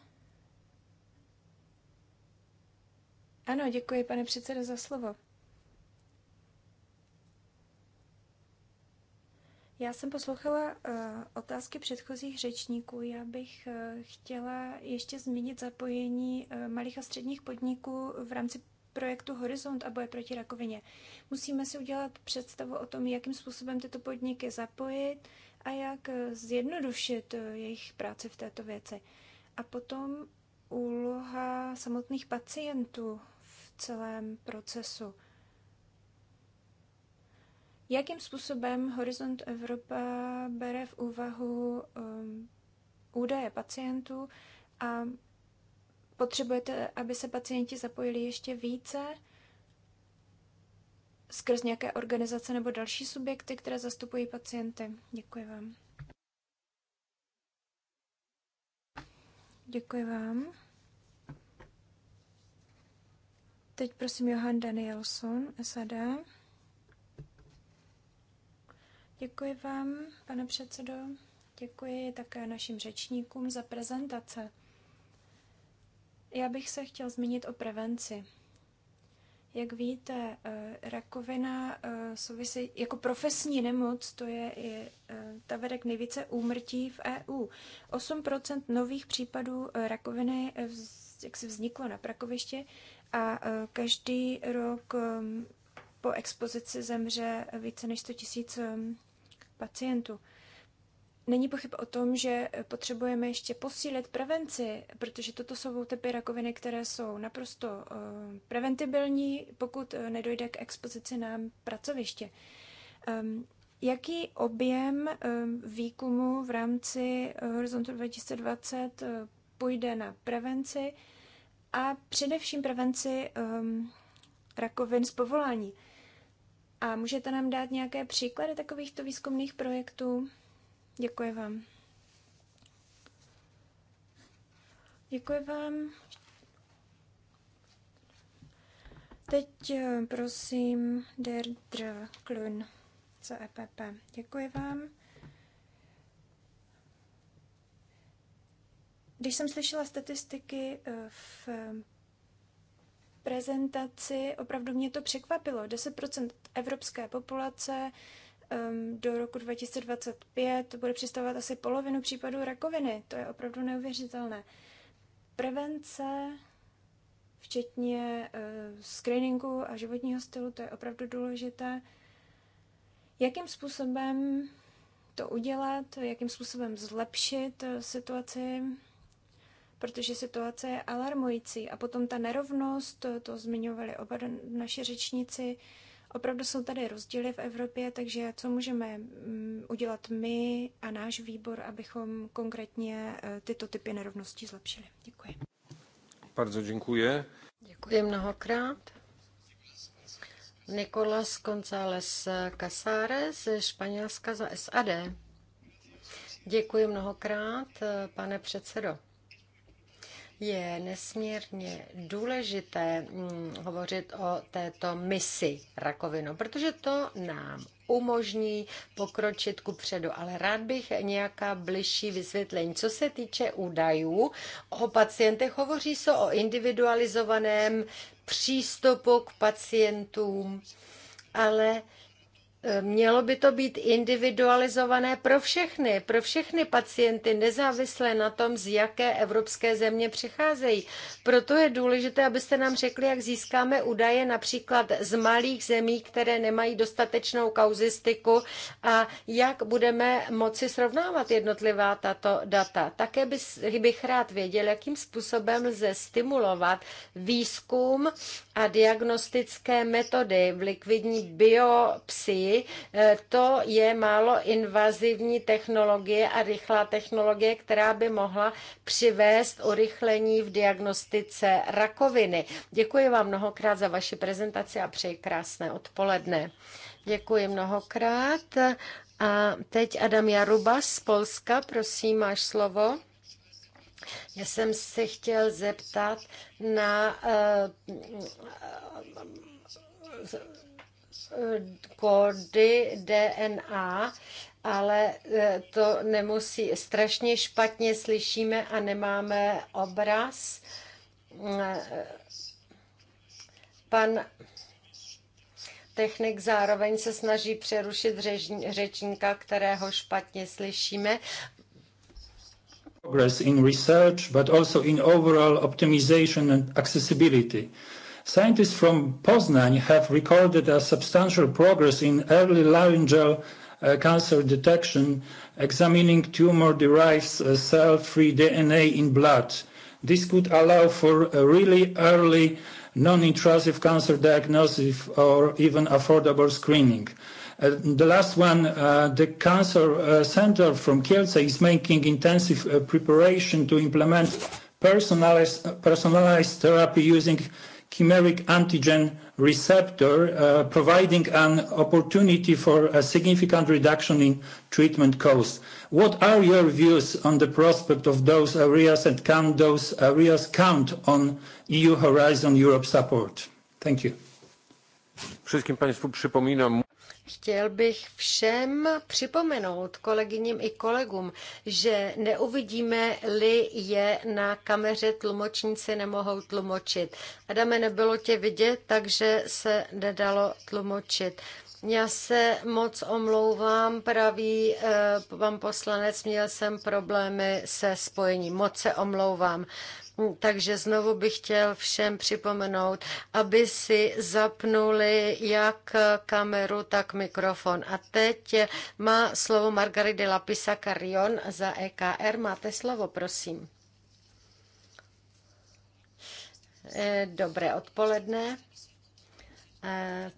Ano, děkuji, pane předsedo, za slovo. Já jsem poslouchala uh, otázky předchozích řečníků. Já bych uh, chtěla ještě zmínit zapojení uh, malých a středních podniků v rámci projektu Horizont a boje proti rakovině. Musíme si udělat představu o tom, jakým způsobem tyto podniky zapojit, a jak eh, zjednodušit eh, jejich práci v této věci. A potom úloha samotných pacientů v celém procesu. Jakým způsobem Horizont Evropa bere v úvahu um, údaje pacientů a potřebujete, aby se pacienti zapojili ještě více? skrz nějaké organizace nebo další subjekty, které zastupují pacienty. Děkuji vám. Děkuji vám. Teď prosím Johan Danielson, SAD. Děkuji vám, pane předsedo. Děkuji také našim řečníkům za prezentace. Já bych se chtěl zmínit o prevenci. Jak víte, eh, rakovina eh, souvisí jako profesní nemoc, to je, je eh, ta vede k nejvíce úmrtí v EU. 8% nových případů rakoviny jak se vzniklo na prakoviště a každý rok po expozici zemře více než 100 000 pacientů. Není pochyb o tom, že eh, potřebujeme ještě posílit prevenci, protože toto jsou typy rakoviny, které jsou naprosto eh, preventibilní, pokud eh, nedojde k expozici na pracoviště. Ehm, jaký objem ehm, výkumu v rámci Horizontu 2020 půjde na prevenci a především prevenci ehm, rakovin z povolání? A můžete nám dát nějaké příklady takovýchto výzkumných projektů? Děkuji vám. Děkuji vám. Teď eh, prosím Derdr Klun za EPP. Děkuji vám. Když jsem slyšela statistiky eh, v eh, prezentaci, opravdu mě to překvapilo. 10% evropské populace do roku 2025 bude představovat asi polovinu případů rakoviny. To je opravdu neuvěřitelné. Prevence, včetně eh, screeningu a životního stylu, to je opravdu důležité. Jakým způsobem to udělat, jakým způsobem zlepšit eh, situaci, protože situace je alarmující. A potom ta nerovnost, to zmiňovali oba naši řečníci, Opravdu jsou tady rozdíly v Evropě, takže co můžeme mm, udělat my a náš výbor, abychom konkrétně eh, tyto typy nerovností zlepšili? Děkuji. Bardzo děkuji. Děkuji mnohokrát. Nicolás González Casares ze Španělska za SAD. Děkuji mnohokrát, eh, pane předsedo je nesmírně důležité mm, hovořit o této misi rakovinu, protože to nám umožní pokročit ku předu. Ale rád bych nějaká bližší vysvětlení. Co se týče údajů o pacientech, hovoří se o individualizovaném přístupu k pacientům, ale Mělo by to být individualizované pro všechny, pro všechny pacienty, nezávisle na tom, z jaké evropské země přicházejí. Proto je důležité, abyste nám řekli, jak získáme údaje například z malých zemí, které nemají dostatečnou kauzistiku a jak budeme moci srovnávat jednotlivá tato data. Také bych rád věděl, jakým způsobem lze stimulovat výzkum a diagnostické metody v likvidní biopsii technologii. Eh, to je málo invazivní technologie a rychlá technologie, která by mohla přivést urychlení v diagnostice rakoviny. Děkuji vám mnohokrát za vaši prezentaci a přeji krásné odpoledne. Děkuji mnohokrát. A teď Adam Jaruba z Polska, prosím, máš slovo. Já jsem se chtěl zeptat na uh, kódy DNA, ale e, to nemusí, strašně špatně slyšíme a nemáme obraz. E, pan technik zároveň se snaží přerušit řečníka, kterého špatně slyšíme. Progress in research, but also in overall optimization and accessibility. Scientists from Poznań have recorded a substantial progress in early laryngeal uh, cancer detection, examining tumor-derived uh, cell-free DNA in blood. This could allow for a really early non-intrusive cancer diagnosis or even affordable screening. Uh, the last one, uh, the Cancer uh, Center from Kielce is making intensive uh, preparation to implement personalized, uh, personalized therapy using chimeric antigen receptor, uh, providing an opportunity for a significant reduction in treatment costs. What are your views on the prospect of those areas and can those areas count on EU Horizon Europe support? Thank you. Wszystkim Państwu przypominam Chtěl bych všem připomenout kolegyním i kolegům, že neuvidíme-li je na kameře, tlumočníci nemohou tlumočit. Adame, nebylo tě vidět, takže se nedalo tlumočit. Já se moc omlouvám, pravý eh, pan poslanec, měl jsem problémy se spojením. Moc se omlouvám. Takže znovu bych chtěl všem připomenout, aby si zapnuli jak kameru, tak mikrofon. A teď má slovo Margarida Lapisa Carion za EKR. Máte slovo, prosím. Eh, dobré odpoledne.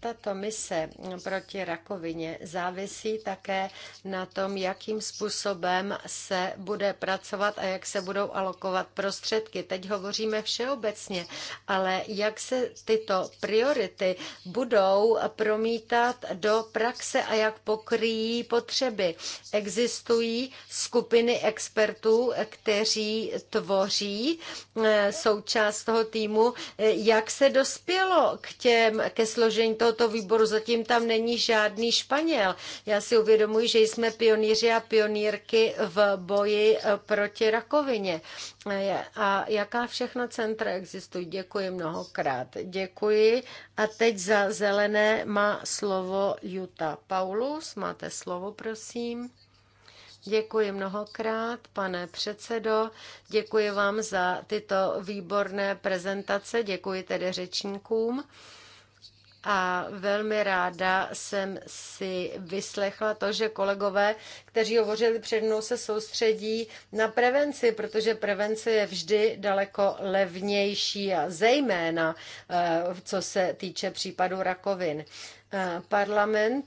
Tato mise proti rakovině závisí také na tom, jakým způsobem se bude pracovat a jak se budou alokovat prostředky. Teď hovoříme všeobecně, ale jak se tyto priority budou promítat do praxe a jak pokryjí potřeby. Existují skupiny expertů, kteří tvoří eh, součást toho týmu, eh, jak se dospělo k těm, ke složení tohoto výboru. Zatím tam není žádný Španěl. Já si uvědomuji, že jsme pionýři a pionýrky v boji eh, proti rakovině. Eh, a jaká všechna centra existují? Děkuji mnohokrát. Děkuji. A teď za zelené má slovo Juta Paulus. Máte slovo, prosím. Děkuji mnohokrát, pane předsedo. Děkuji vám za tyto výborné prezentace. Děkuji tedy řečníkům a velmi ráda jsem si vyslechla to, že kolegové, kteří hovořili před mnou, se soustředí na prevenci, protože prevence je vždy daleko levnější a zejména eh, co se týče případu rakovin. Eh, parlament,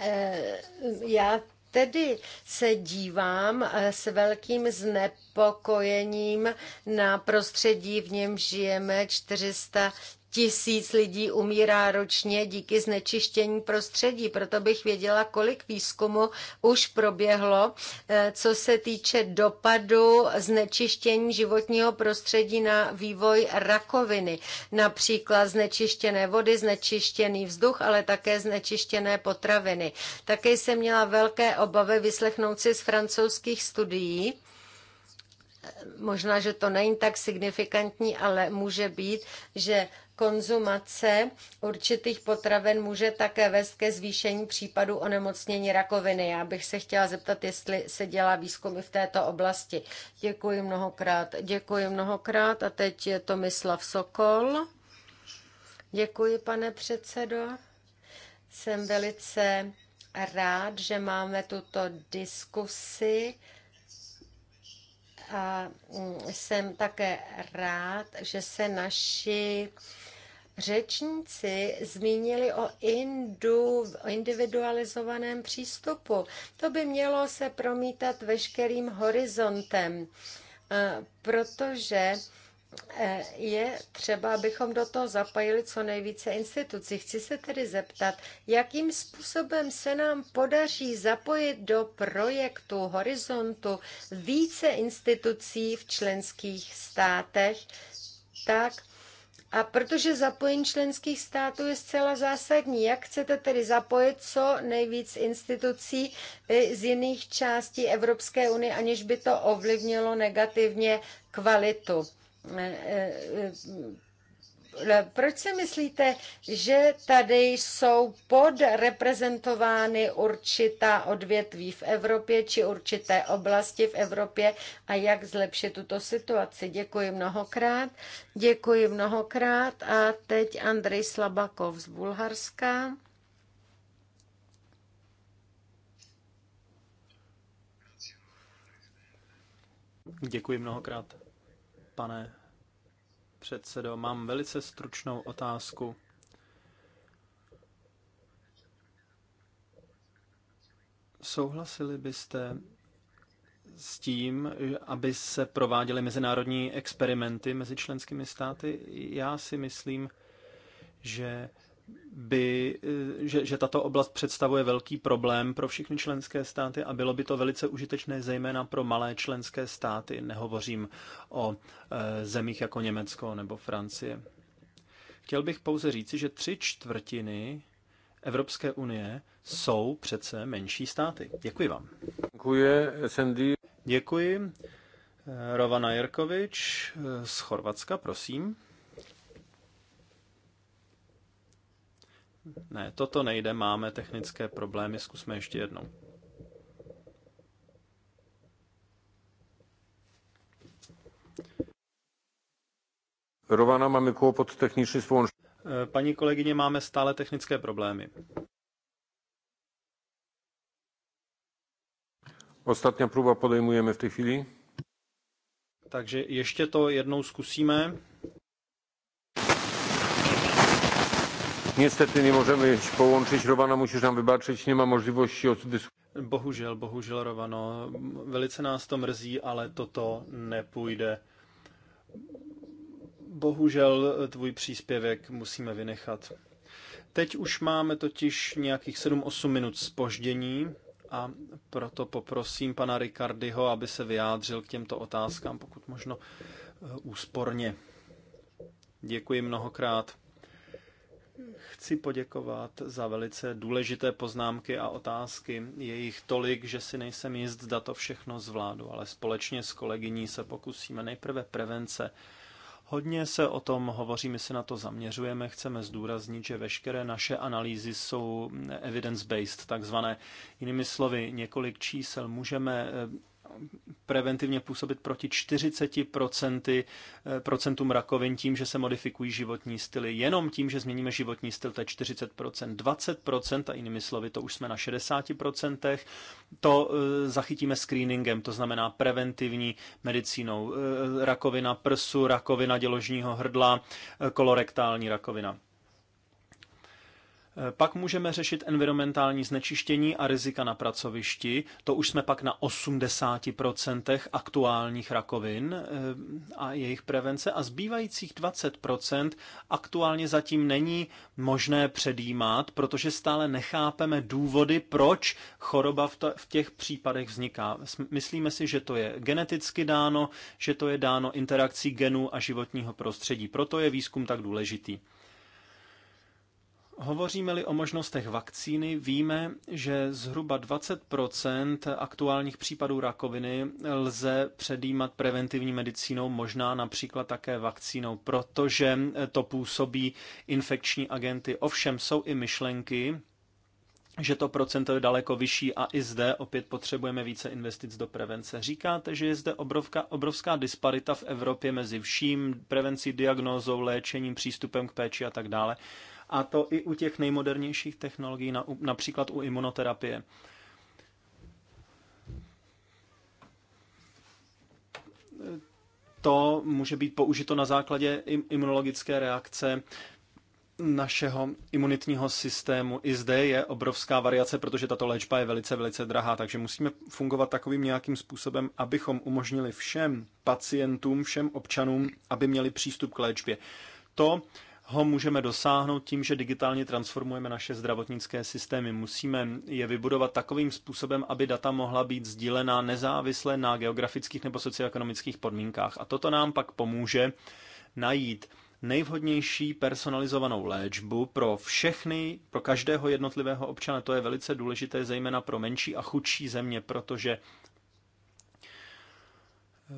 eh, já tedy se dívám s velkým znepokojením na prostředí, v něm žijeme 400 tisíc lidí umírá ročně díky znečištění prostředí. Proto bych věděla, kolik výzkumu už proběhlo, eh, co se týče dopadu znečištění životního prostředí na vývoj rakoviny. Například znečištěné vody, znečištěný vzduch, ale také znečištěné potraviny. Také jsem měla velké obavy vyslechnout si z francouzských studií, možná, že to není tak signifikantní, ale může být, že Konzumace určitých potraven může také vést ke zvýšení případů onemocnění rakoviny. Já bych se chtěla zeptat, jestli se dělá výzkumy v této oblasti. Děkuji mnohokrát. Děkuji mnohokrát. A teď je to Myslav Sokol. Děkuji, pane předsedo. Jsem velice rád, že máme tuto diskusi a jsem také rád, že se naši Řečníci zmínili o indu, individualizovaném přístupu. To by mělo se promítat veškerým horizontem, eh, protože eh, je třeba, abychom do toho zapojili co nejvíce institucí. Chci se tedy zeptat, jakým způsobem se nám podaří zapojit do projektu Horizontu více institucí v členských státech, tak, a protože zapojení členských států je zcela zásadní, jak chcete tedy zapojit co nejvíc institucí eh, z jiných částí Evropské unie, aniž by to ovlivnilo negativně kvalitu eh, eh, proč si myslíte, že tady jsou podreprezentovány určitá odvětví v Evropě či určité oblasti v Evropě a jak zlepšit tuto situaci? Děkuji mnohokrát. Děkuji mnohokrát a teď Andrej Slabakov z Bulharska. Děkuji mnohokrát, pane předsedo. Mám velice stručnou otázku. Souhlasili byste s tím, aby se prováděly mezinárodní experimenty mezi členskými státy? Já si myslím, že by, eh, že, že tato oblast představuje velký problém pro všechny členské státy a bylo by to velice užitečné zejména pro malé členské státy. Nehovořím o eh, zemích jako Německo nebo Francie. Chtěl bych pouze říci, že tři čtvrtiny Evropské unie jsou přece menší státy. Děkuji vám. Děkuji, Děkuji. Eh, Rovana Jerkovič z Chorvatska, prosím. Ne, toto nejde, máme technické problémy, zkusme ještě jednou. Rovana, máme kłopot pod z svůj. Eh, paní kolegyně, máme stále technické problémy. Ostatní průba podejmujeme v té chvíli. Takže ještě to jednou zkusíme. Niestety nie możemy połączyć. Rowana, musisz nam wybaczyć, nie ma możliwości od dyskusji. Bohužel, bohužel, Rovano, velice nás to mrzí, ale toto nepůjde. Bohužel tvůj příspěvek musíme vynechat. Teď už máme totiž nějakých 7-8 minut spoždění a proto poprosím pana Ricardyho, aby se vyjádřil k těmto otázkám, pokud možno eh, úsporně. Děkuji mnohokrát chci poděkovat za velice důležité poznámky a otázky. Je jich tolik, že si nejsem jist, zda to všechno zvládu, ale společně s kolegyní se pokusíme nejprve prevence. Hodně se o tom hovoří, my se na to zaměřujeme, chceme zdůraznit, že veškeré naše analýzy jsou evidence-based, takzvané. Jinými slovy, několik čísel můžeme eh, preventivně působit proti 40% eh, procentům rakovin tím, že se modifikují životní styly. Jenom tím, že změníme životní styl, to je 40%, 20% a jinými slovy, to už jsme na 60%, to eh, zachytíme screeningem, to znamená preventivní medicínou. Eh, rakovina prsu, rakovina děložního hrdla, kolorektální rakovina. Pak můžeme řešit environmentální znečištění a rizika na pracovišti. To už jsme pak na 80% aktuálních rakovin eh, a jejich prevence. A zbývajících 20% aktuálně zatím není možné předjímat, protože stále nechápeme důvody, proč choroba v těch případech vzniká. Myslíme si, že to je geneticky dáno, že to je dáno interakcí genů a životního prostředí. Proto je výzkum tak důležitý. Hovoříme-li o možnostech vakcíny, víme, že zhruba 20 aktuálních případů rakoviny lze předjímat preventivní medicínou, možná například také vakcínou, protože to působí infekční agenty. Ovšem jsou i myšlenky, že to procento je daleko vyšší a i zde opět potřebujeme více investic do prevence. Říkáte, že je zde obrovka, obrovská disparita v Evropě mezi vším, prevencí, diagnózou, léčením, přístupem k péči a tak dále a to i u těch nejmodernějších technologií, například u imunoterapie. To může být použito na základě imunologické reakce našeho imunitního systému. I zde je obrovská variace, protože tato léčba je velice, velice drahá, takže musíme fungovat takovým nějakým způsobem, abychom umožnili všem pacientům, všem občanům, aby měli přístup k léčbě. To ho můžeme dosáhnout tím, že digitálně transformujeme naše zdravotnické systémy. Musíme je vybudovat takovým způsobem, aby data mohla být sdílená nezávisle na geografických nebo socioekonomických podmínkách. A toto nám pak pomůže najít nejvhodnější personalizovanou léčbu pro všechny, pro každého jednotlivého občana. To je velice důležité, zejména pro menší a chudší země, protože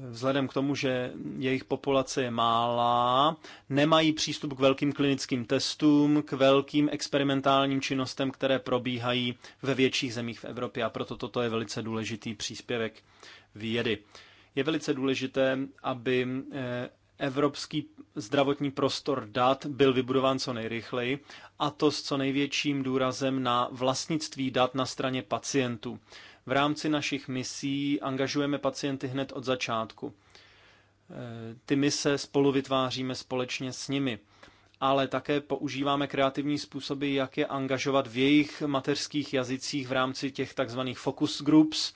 vzhledem k tomu, že jejich populace je mála, nemají přístup k velkým klinickým testům, k velkým experimentálním činnostem, které probíhají ve větších zemích v Evropě a proto toto je velice důležitý příspěvek vědy. Je velice důležité, aby eh, evropský zdravotní prostor dat byl vybudován co nejrychleji a to s co největším důrazem na vlastnictví dat na straně pacientů. V rámci našich misí angažujeme pacienty hned od začátku. E, ty mise spolu vytváříme společně s nimi ale také používáme kreativní způsoby, jak je angažovat v jejich mateřských jazycích v rámci těch takzvaných focus groups,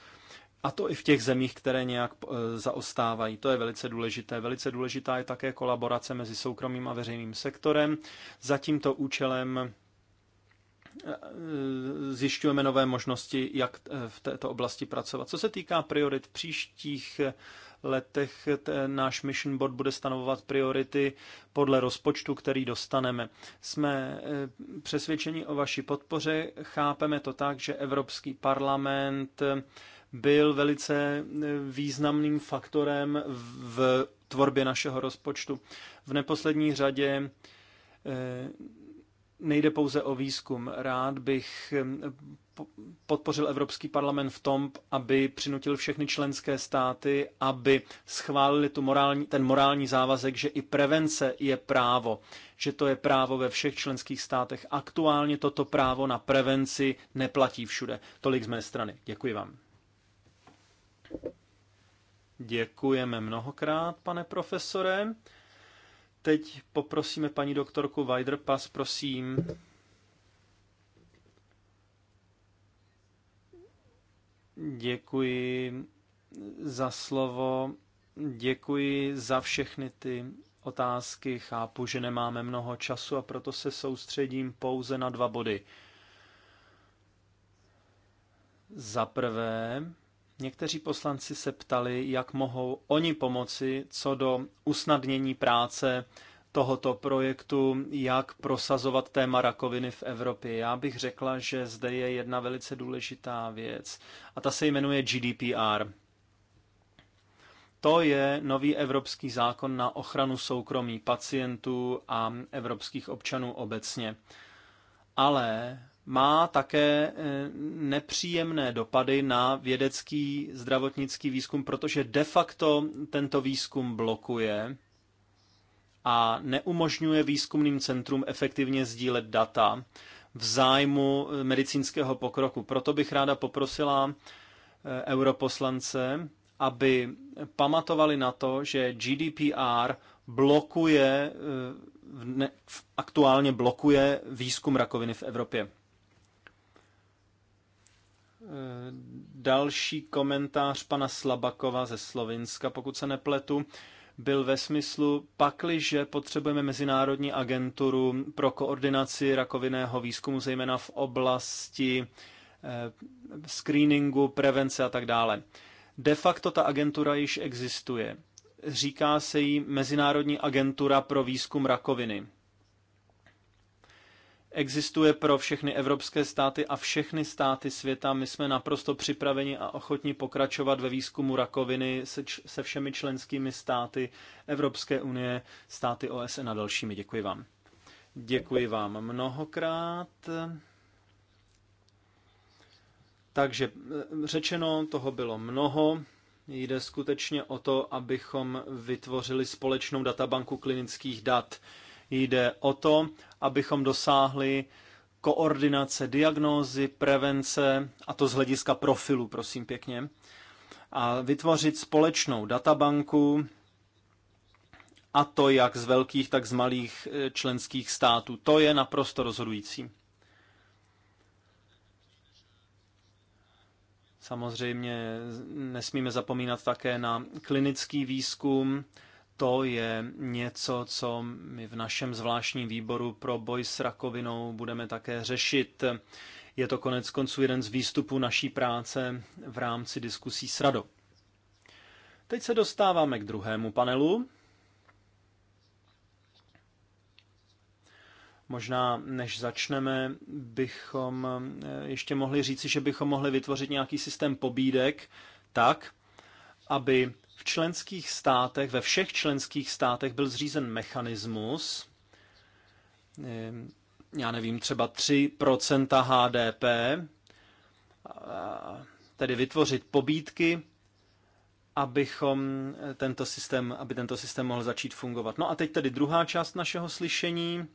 a to i v těch zemích, které nějak e, zaostávají. To je velice důležité. Velice důležitá je také kolaborace mezi soukromým a veřejným sektorem. Za tímto účelem zjišťujeme nové možnosti, jak v této oblasti pracovat. Co se týká priorit příštích letech, ten náš mission board bude stanovovat priority podle rozpočtu, který dostaneme. Jsme eh, přesvědčeni o vaší podpoře, chápeme to tak, že Evropský parlament byl velice eh, významným faktorem v tvorbě našeho rozpočtu. V neposlední řadě eh, nejde pouze o výzkum. Rád bych hm, podpořil Evropský parlament v tom, aby přinutil všechny členské státy, aby schválili tu morální, ten morální závazek, že i prevence je právo, že to je právo ve všech členských státech. Aktuálně toto právo na prevenci neplatí všude. Tolik z mé strany. Děkuji vám. Děkujeme mnohokrát, pane profesore. Teď poprosíme paní doktorku Weiderpas, prosím. Děkuji za slovo, děkuji za všechny ty otázky. Chápu, že nemáme mnoho času a proto se soustředím pouze na dva body. Za prvé, Někteří poslanci se ptali, jak mohou oni pomoci co do usnadnění práce tohoto projektu, jak prosazovat téma rakoviny v Evropě. Já bych řekla, že zde je jedna velice důležitá věc a ta se jmenuje GDPR. To je nový evropský zákon na ochranu soukromí pacientů a evropských občanů obecně. Ale má také eh, nepříjemné dopady na vědecký zdravotnický výzkum, protože de facto tento výzkum blokuje a neumožňuje výzkumným centrum efektivně sdílet data v zájmu eh, medicínského pokroku. Proto bych ráda poprosila eh, europoslance, aby pamatovali na to, že GDPR blokuje, aktuálně blokuje výzkum rakoviny v Evropě. Další komentář pana Slabakova ze Slovinska, pokud se nepletu, byl ve smyslu, pakliže potřebujeme mezinárodní agenturu pro koordinaci rakovinného výzkumu, zejména v oblasti eh, screeningu, prevence a tak dále. De facto ta agentura již existuje. Říká se jí Mezinárodní agentura pro výzkum rakoviny existuje pro všechny evropské státy a všechny státy světa. My jsme naprosto připraveni a ochotni pokračovat ve výzkumu rakoviny se, se všemi členskými státy Evropské unie, státy OSN a dalšími. Děkuji vám. Děkuji vám mnohokrát. Takže eh, řečeno, toho bylo mnoho. Jde skutečně o to, abychom vytvořili společnou databanku klinických dat. Jde o to, abychom dosáhli koordinace diagnózy, prevence, a to z hlediska profilu, prosím pěkně, a vytvořit společnou databanku, a to jak z velkých, tak z malých e, členských států. To je naprosto rozhodující. Samozřejmě nesmíme zapomínat také na klinický výzkum, to je něco, co my v našem zvláštním výboru pro boj s rakovinou budeme také řešit. Je to konec konců jeden z výstupů naší práce v rámci diskusí s radou. Teď se dostáváme k druhému panelu. Možná než začneme, bychom eh, ještě mohli říci, že bychom mohli vytvořit nějaký systém pobídek tak, aby v členských státech, ve všech členských státech byl zřízen mechanismus, eh, já nevím, třeba 3% HDP, tedy vytvořit pobídky, abychom tento systém, aby tento systém mohl začít fungovat. No a teď tedy druhá část našeho slyšení.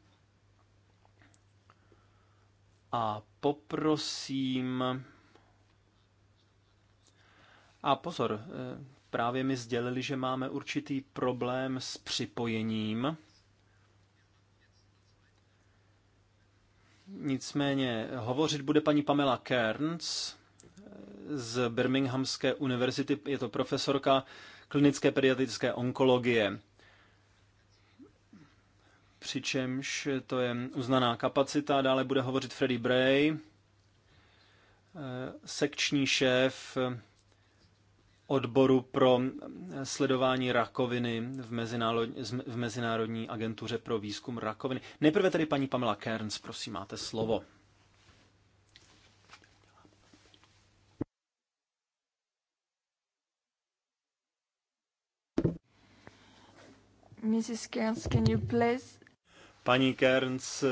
A poprosím... A pozor, eh, právě mi sdělili, že máme určitý problém s připojením. Nicméně hovořit bude paní Pamela Kearns z Birminghamské univerzity. Je to profesorka klinické pediatrické onkologie. Přičemž to je uznaná kapacita. Dále bude hovořit Freddy Bray, sekční šéf odboru pro sledování rakoviny v Mezinárodní, v Mezinárodní agentuře pro výzkum rakoviny. Nejprve tedy paní Pamela Kerns, prosím, máte slovo. Mrs. Kearns, can you please... Paní Kearns,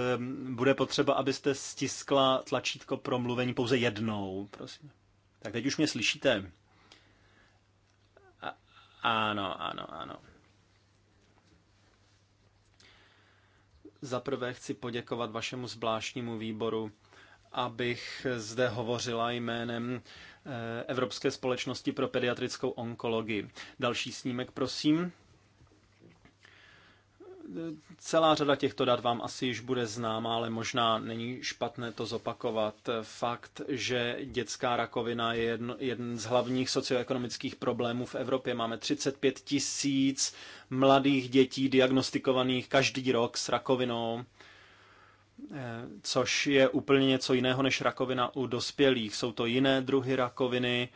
bude potřeba, abyste stiskla tlačítko pro mluvení pouze jednou, prosím. Tak teď už mě slyšíte. Ano, ano, ano. Zaprvé chci poděkovat vašemu zvláštnímu výboru, abych zde hovořila jménem eh, Evropské společnosti pro pediatrickou onkologii. Další snímek, prosím. Celá řada těchto dat vám asi již bude známa, ale možná není špatné to zopakovat. Fakt, že dětská rakovina je jedno, jeden z hlavních socioekonomických problémů v Evropě. Máme 35 tisíc mladých dětí diagnostikovaných každý rok s rakovinou, eh, což je úplně něco jiného než rakovina u dospělých. Jsou to jiné druhy rakoviny,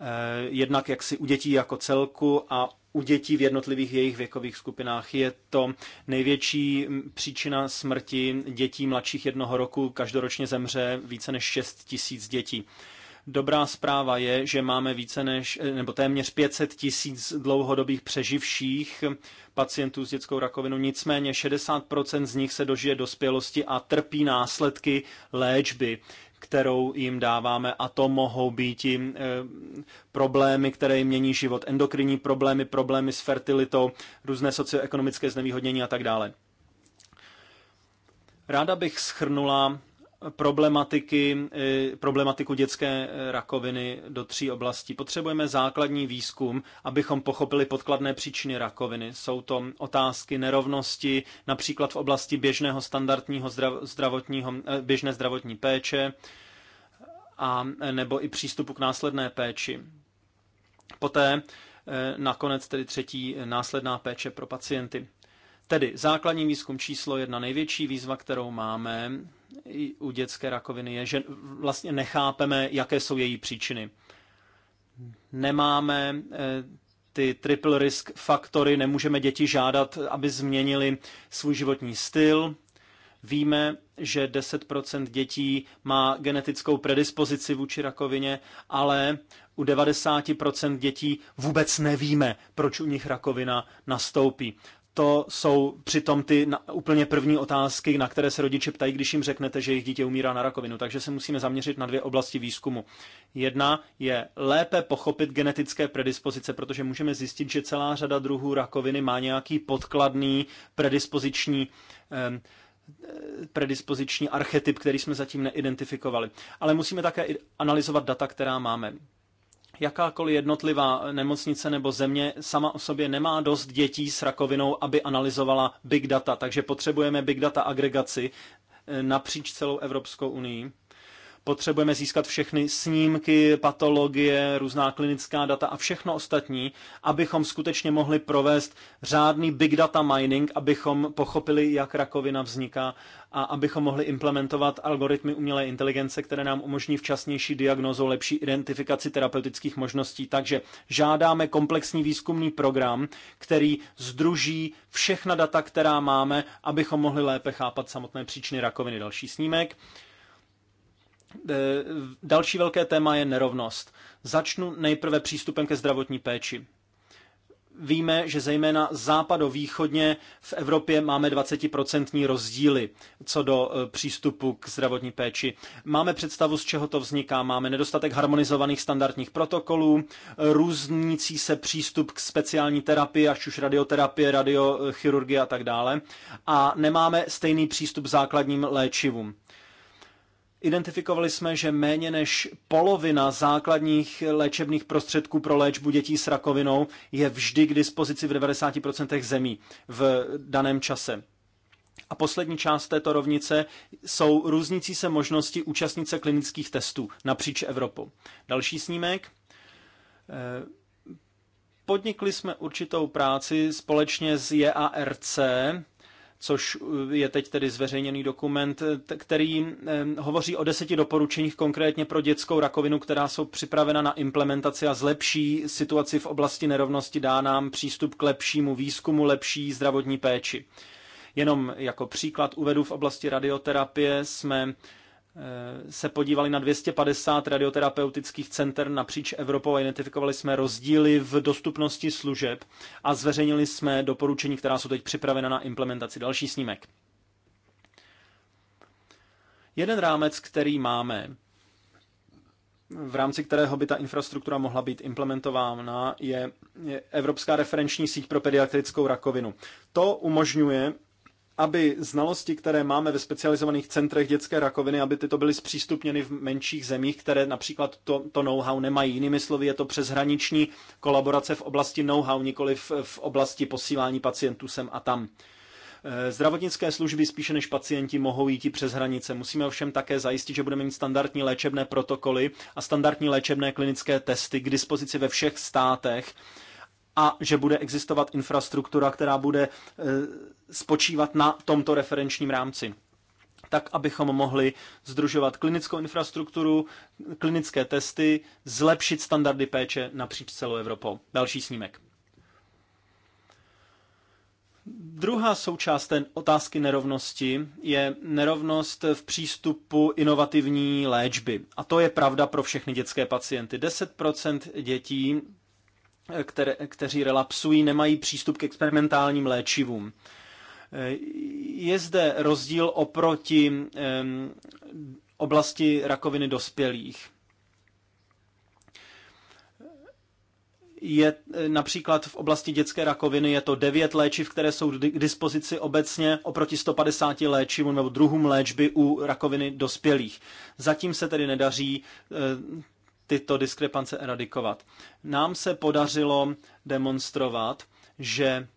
eh, jednak jaksi u dětí jako celku a u dětí v jednotlivých jejich věkových skupinách. Je to největší příčina smrti dětí mladších jednoho roku. Každoročně zemře více než 6 tisíc dětí. Dobrá zpráva je, že máme více než, nebo téměř 500 tisíc dlouhodobých přeživších pacientů s dětskou rakovinou, nicméně 60% z nich se dožije dospělosti a trpí následky léčby, kterou jim dáváme a to mohou být i e, problémy, které jim mění život, endokrinní problémy, problémy s fertilitou, různé socioekonomické znevýhodnění a tak dále. Ráda bych schrnula problematiky, eh, problematiku dětské eh, rakoviny do tří oblastí. Potřebujeme základní výzkum, abychom pochopili podkladné příčiny rakoviny. Jsou to otázky nerovnosti, například v oblasti běžného standardního zdravotního, eh, běžné zdravotní péče, a nebo i přístupu k následné péči. Poté nakonec tedy třetí následná péče pro pacienty. Tedy základní výzkum číslo jedna, největší výzva, kterou máme, u dětské rakoviny je, že vlastně nechápeme, jaké jsou její příčiny. Nemáme eh, ty triple risk faktory, nemůžeme děti žádat, aby změnili svůj životní styl. Víme, že 10% dětí má genetickou predispozici vůči rakovině, ale u 90% dětí vůbec nevíme, proč u nich rakovina nastoupí to jsou přitom ty na, úplně první otázky, na které se rodiče ptají, když jim řeknete, že jejich dítě umírá na rakovinu. Takže se musíme zaměřit na dvě oblasti výzkumu. Jedna je lépe pochopit genetické predispozice, protože můžeme zjistit, že celá řada druhů rakoviny má nějaký podkladný predispoziční Um, predispoziční archetyp, který jsme zatím neidentifikovali. Ale musíme také analyzovat data, která máme jakákoliv jednotlivá nemocnice nebo země sama o sobě nemá dost dětí s rakovinou, aby analyzovala big data. Takže potřebujeme big data agregaci eh, napříč celou Evropskou unii Potřebujeme získat všechny snímky, patologie, různá klinická data a všechno ostatní, abychom skutečně mohli provést řádný big data mining, abychom pochopili, jak rakovina vzniká a abychom mohli implementovat algoritmy umělé inteligence, které nám umožní včasnější diagnozu, lepší identifikaci terapeutických možností. Takže žádáme komplexní výzkumný program, který združí všechna data, která máme, abychom mohli lépe chápat samotné příčiny rakoviny. Další snímek. Eh, další velké téma je nerovnost. Začnu nejprve přístupem ke zdravotní péči. Víme, že zejména západovýchodně v Evropě máme 20% rozdíly co do eh, přístupu k zdravotní péči. Máme představu, z čeho to vzniká. Máme nedostatek harmonizovaných standardních protokolů, eh, různící se přístup k speciální terapii, až už radioterapie, radiochirurgie a tak dále. A nemáme stejný přístup k základním léčivům. Identifikovali jsme, že méně než polovina základních léčebných prostředků pro léčbu dětí s rakovinou je vždy k dispozici v 90% zemí v daném čase. A poslední část této rovnice jsou různící se možnosti účastnice klinických testů napříč Evropou. Další snímek. Eh, podnikli jsme určitou práci společně s JARC, což eh, je teď tedy zveřejněný dokument, eh, který eh, hovoří o deseti doporučeních konkrétně pro dětskou rakovinu, která jsou připravena na implementaci a zlepší situaci v oblasti nerovnosti, dá nám přístup k lepšímu výzkumu, lepší zdravotní péči. Jenom jako příklad uvedu v oblasti radioterapie jsme Eh, se podívali na 250 radioterapeutických center napříč Evropou a identifikovali jsme rozdíly v dostupnosti služeb a zveřejnili jsme doporučení, která jsou teď připravena na implementaci. Další snímek. Jeden rámec, který máme, v rámci kterého by ta infrastruktura mohla být implementována, je Evropská referenční síť pro pediatrickou rakovinu. To umožňuje aby znalosti, které máme ve specializovaných centrech dětské rakoviny, aby tyto byly zpřístupněny v menších zemích, které například to, to know-how nemají. Jinými slovy, je to přeshraniční kolaborace v oblasti know-how, nikoli v, v oblasti posílání pacientů sem a tam. Eh, zdravotnické služby spíše než pacienti mohou jít i přes hranice. Musíme ovšem také zajistit, že budeme mít standardní léčebné protokoly a standardní léčebné klinické testy k dispozici ve všech státech, a že bude existovat infrastruktura, která bude e, spočívat na tomto referenčním rámci tak, abychom mohli združovat klinickou infrastrukturu, klinické testy, zlepšit standardy péče napříč celou Evropou. Další snímek. Druhá součást té otázky nerovnosti je nerovnost v přístupu inovativní léčby. A to je pravda pro všechny dětské pacienty. 10% dětí které, kteří relapsují, nemají přístup k experimentálním léčivům. Je zde rozdíl oproti oblasti rakoviny dospělých. je například v oblasti dětské rakoviny je to 9 léčiv, které jsou k dispozici obecně oproti 150 léčivům nebo druhům léčby u rakoviny dospělých. Zatím se tedy nedaří eh, tyto diskrepance eradikovat. Nám se podařilo demonstrovat, že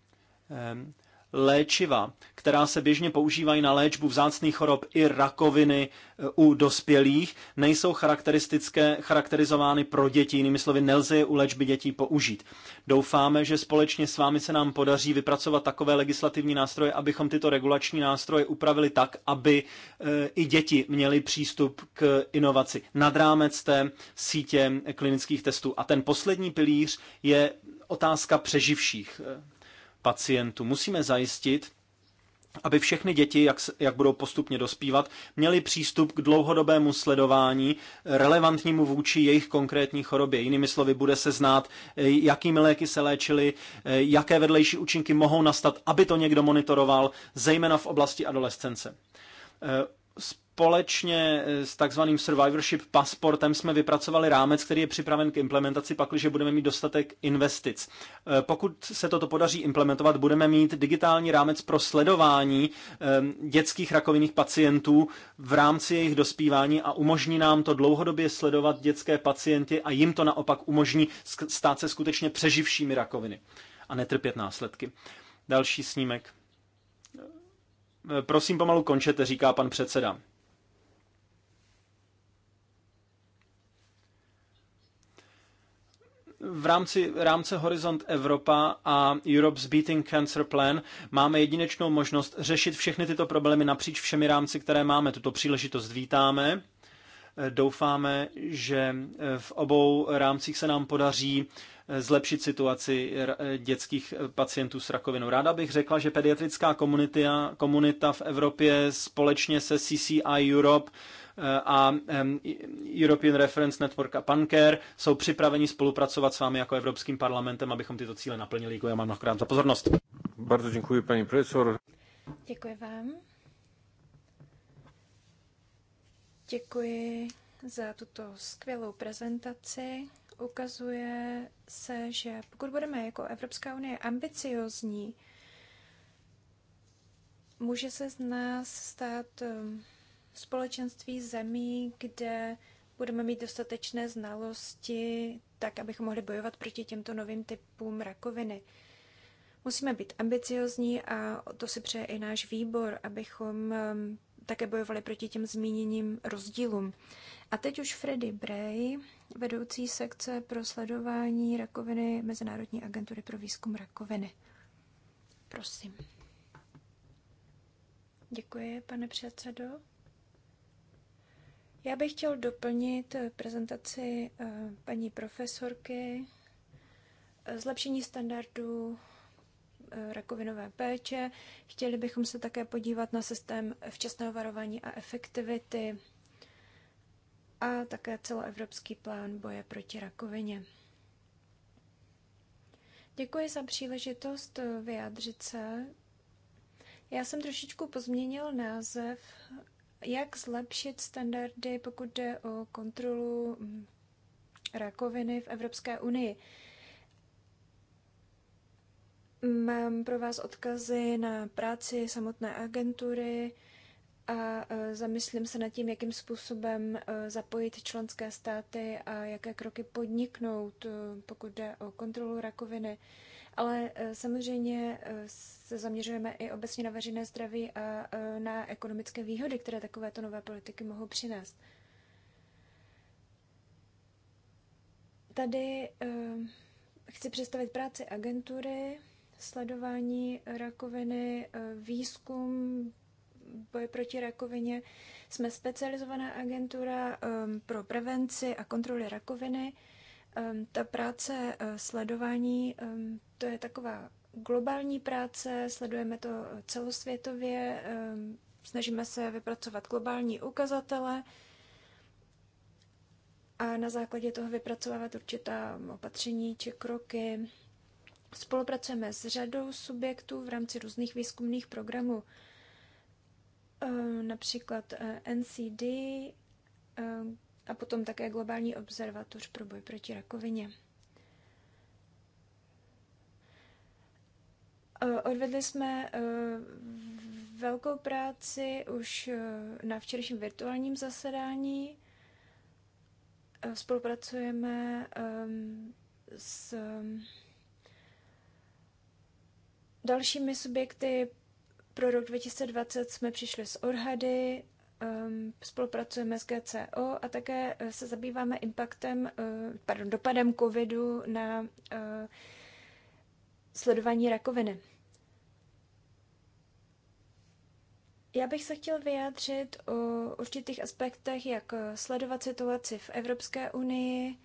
léčiva, která se běžně používají na léčbu vzácných chorob i rakoviny eh, u dospělých, nejsou charakteristické, charakterizovány pro děti, jinými slovy nelze je u léčby dětí použít. Doufáme, že společně s vámi se nám podaří vypracovat takové legislativní nástroje, abychom tyto regulační nástroje upravili tak, aby eh, i děti měly přístup k inovaci nad rámec té sítě eh, klinických testů. A ten poslední pilíř je otázka přeživších pacientů. Musíme zajistit, aby všechny děti, jak, jak budou postupně dospívat, měly přístup k dlouhodobému sledování, relevantnímu vůči jejich konkrétní chorobě. Jinými slovy, bude se znát, eh, jakými léky se léčily, eh, jaké vedlejší účinky mohou nastat, aby to někdo monitoroval, zejména v oblasti adolescence. Eh, Společně eh, s takzvaným survivorship pasportem jsme vypracovali rámec, který je připraven k implementaci, pakliže budeme mít dostatek investic. Eh, pokud se toto podaří implementovat, budeme mít digitální rámec pro sledování eh, dětských rakovinných pacientů v rámci jejich dospívání a umožní nám to dlouhodobě sledovat dětské pacienty a jim to naopak umožní stát se skutečně přeživšími rakoviny a netrpět následky. Další snímek. Eh, prosím, pomalu končete, říká pan předseda. v rámci rámce Horizont Evropa a Europe's Beating Cancer Plan máme jedinečnou možnost řešit všechny tyto problémy napříč všemi rámci, které máme. Tuto příležitost vítáme. Eh, doufáme, že eh, v obou rámcích se nám podaří zlepšit situaci eh, dětských eh, pacientů s rakovinou. Ráda bych řekla, že pediatrická komunita, komunita v Evropě společně se CCI Europe eh, a European Reference Network a PanCare jsou připraveni spolupracovat s vámi jako Evropským parlamentem, abychom tyto cíle naplnili. Děkuji vám mnohokrát za pozornost. Bardzo děkuji, paní profesor. Děkuji vám. Děkuji za tuto skvělou prezentaci ukazuje se, že pokud budeme jako Evropská unie ambiciozní, může se z nás stát um, společenství zemí, kde budeme mít dostatečné znalosti, tak abychom mohli bojovat proti těmto novým typům rakoviny. Musíme být ambiciozní a to si přeje i náš výbor, abychom um, také bojovali proti těm zmíněným rozdílům. A teď už Freddy Bray, vedoucí sekce pro sledování rakoviny Mezinárodní agentury pro výzkum rakoviny. Prosím. Děkuji, pane předsedo. Já bych chtěl doplnit eh, prezentaci eh, paní profesorky eh, zlepšení standardů Eh, rakovinové péče. Chtěli bychom se také podívat na systém včasného varování a efektivity a také celoevropský plán boje proti rakovině. Děkuji za příležitost eh, vyjádřit se. Já jsem trošičku pozměnil název, jak zlepšit standardy, pokud jde o kontrolu mm, rakoviny v Evropské unii. Mám pro vás odkazy na práci samotné agentury a e, zamyslím se nad tím, jakým způsobem e, zapojit členské státy a jaké kroky podniknout, e, pokud jde o kontrolu rakoviny. Ale samozřejmě se zaměřujeme i obecně na veřejné zdraví a na ekonomické výhody, které takovéto nové politiky mohou přinést. Tady chci představit práci agentury sledování rakoviny, eh, výzkum, boje proti rakovině. Jsme specializovaná agentura ehm, pro prevenci a kontroly rakoviny. Ehm, ta práce eh, sledování, ehm, to je taková globální práce, sledujeme to eh, celosvětově, snažíme se vypracovat globální ukazatele a na základě toho vypracovávat určitá opatření či kroky, Spolupracujeme s řadou subjektů v rámci různých výzkumných programů, eh, například eh, NCD eh, a potom také Globální observatoř pro boj proti rakovině. Odvedli jsme velkou práci už na včerejším virtuálním zasedání. Spolupracujeme s Dalšími subjekty pro rok 2020 jsme přišli s odhady, um, spolupracujeme s GCO a také eh, se zabýváme impactem, uh, eh, pardon, dopadem covidu na uh, sledování rakoviny. Já bych se chtěl vyjádřit o určitých aspektech, jak sledovat situaci v Evropské unii,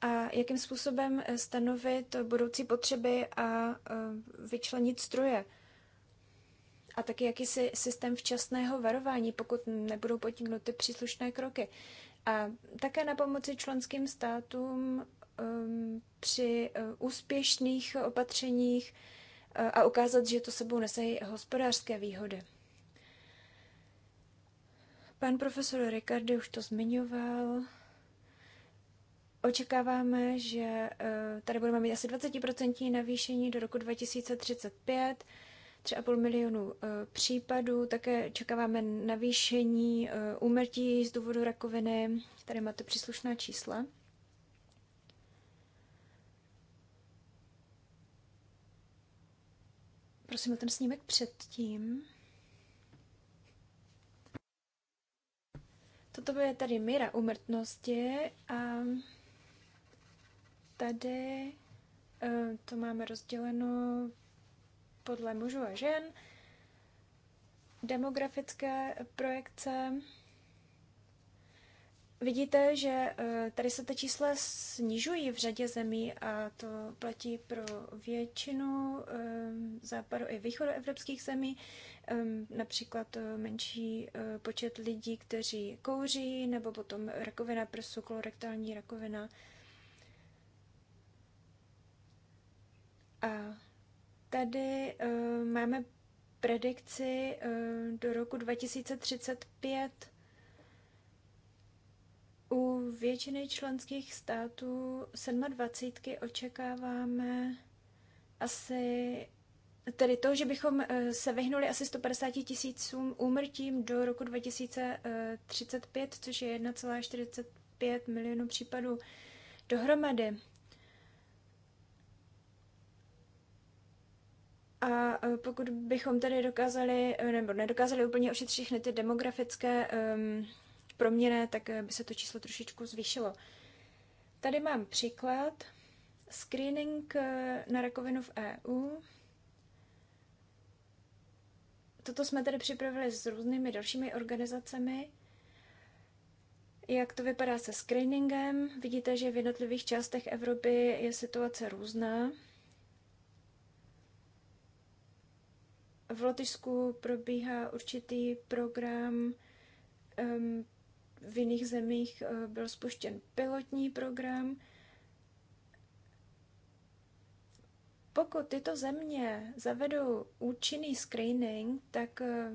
a jakým způsobem eh, stanovit budoucí potřeby a eh, vyčlenit stroje. A taky jakýsi systém včasného varování, pokud nebudou podniknuty příslušné kroky. A také na pomoci členským státům ehm, při eh, úspěšných opatřeních a ukázat, že to sebou nese hospodářské výhody. Pan profesor Ricardy už to zmiňoval. Očekáváme, že eh, tady budeme mít asi 20% navýšení do roku 2035, 3,5 milionu eh, případů, také očekáváme navýšení eh, úmrtí z důvodu rakoviny, tady máte příslušná čísla. Prosím o ten snímek předtím. Toto je tady míra umrtnosti a Tady eh, to máme rozděleno podle mužů a žen. Demografické projekce. Vidíte, že eh, tady se ty čísla snižují v řadě zemí a to platí pro většinu eh, západu i východu evropských zemí. Například menší počet lidí, kteří kouří, nebo potom rakovina prsu, kolorektální rakovina, A tady uh, máme predikci uh, do roku 2035. U většiny členských států 27 očekáváme asi tedy to, že bychom eh, se vyhnuli asi 150 tisícům úmrtím do roku 2035, což je 1,45 milionů případů dohromady. A e, pokud bychom tedy dokázali, e, nebo nedokázali úplně ošetřit všechny ty demografické um, proměny, tak e, by se to číslo trošičku zvýšilo. Tady mám příklad. Screening na rakovinu v EU. Toto jsme tedy připravili s různými dalšími organizacemi. Jak to vypadá se screeningem? Vidíte, že v jednotlivých částech Evropy je situace různá. V Lotyšsku probíhá určitý program, v jiných zemích eh, byl spuštěn pilotní program. Pokud tyto země zavedou účinný screening, tak eh,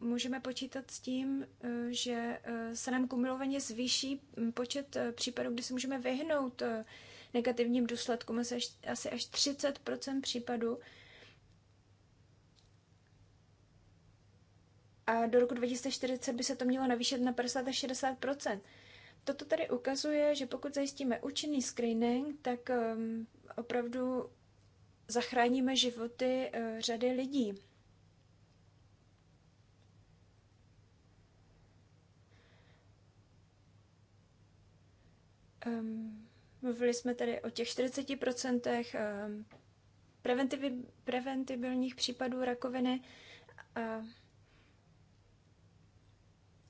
můžeme počítat s tím, eh, že se nám kumulovaně zvýší hm, počet případů, kdy se můžeme vyhnout negativním důsledkům, asi až, asi až 30 případů, a do roku 2040 by se to mělo navýšit na 50 až 60 Toto tady ukazuje, že pokud zajistíme účinný screening, tak um, opravdu zachráníme životy uh, řady lidí. Um, mluvili jsme tady o těch 40% um, ehm, preventibilních případů rakoviny a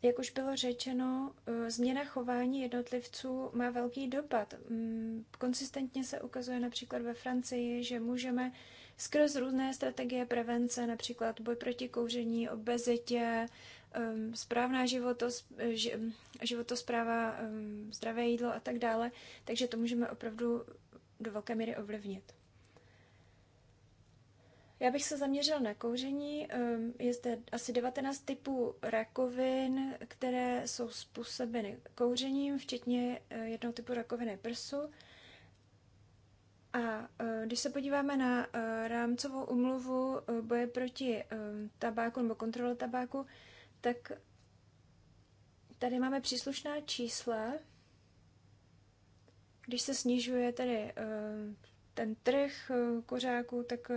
jak už bylo řečeno, eh, změna chování jednotlivců má velký dopad. Mm, konsistentně se ukazuje například ve Francii, že můžeme skrz různé strategie prevence, například boj proti kouření, obezitě, správná životos, životospráva, zdravé jídlo a tak dále, takže to můžeme opravdu do velké míry ovlivnit. Já bych se zaměřil na kouření. Ehm, je zde asi 19 typů rakovin, které jsou způsobeny kouřením, včetně eh, jednoho typu rakoviny prsu. A eh, když se podíváme na eh, rámcovou umluvu boje proti ehm, tabáku nebo kontrole tabáku, tak tady máme příslušná čísla. Když se snižuje tady ehm, ten trh kuřáků, tak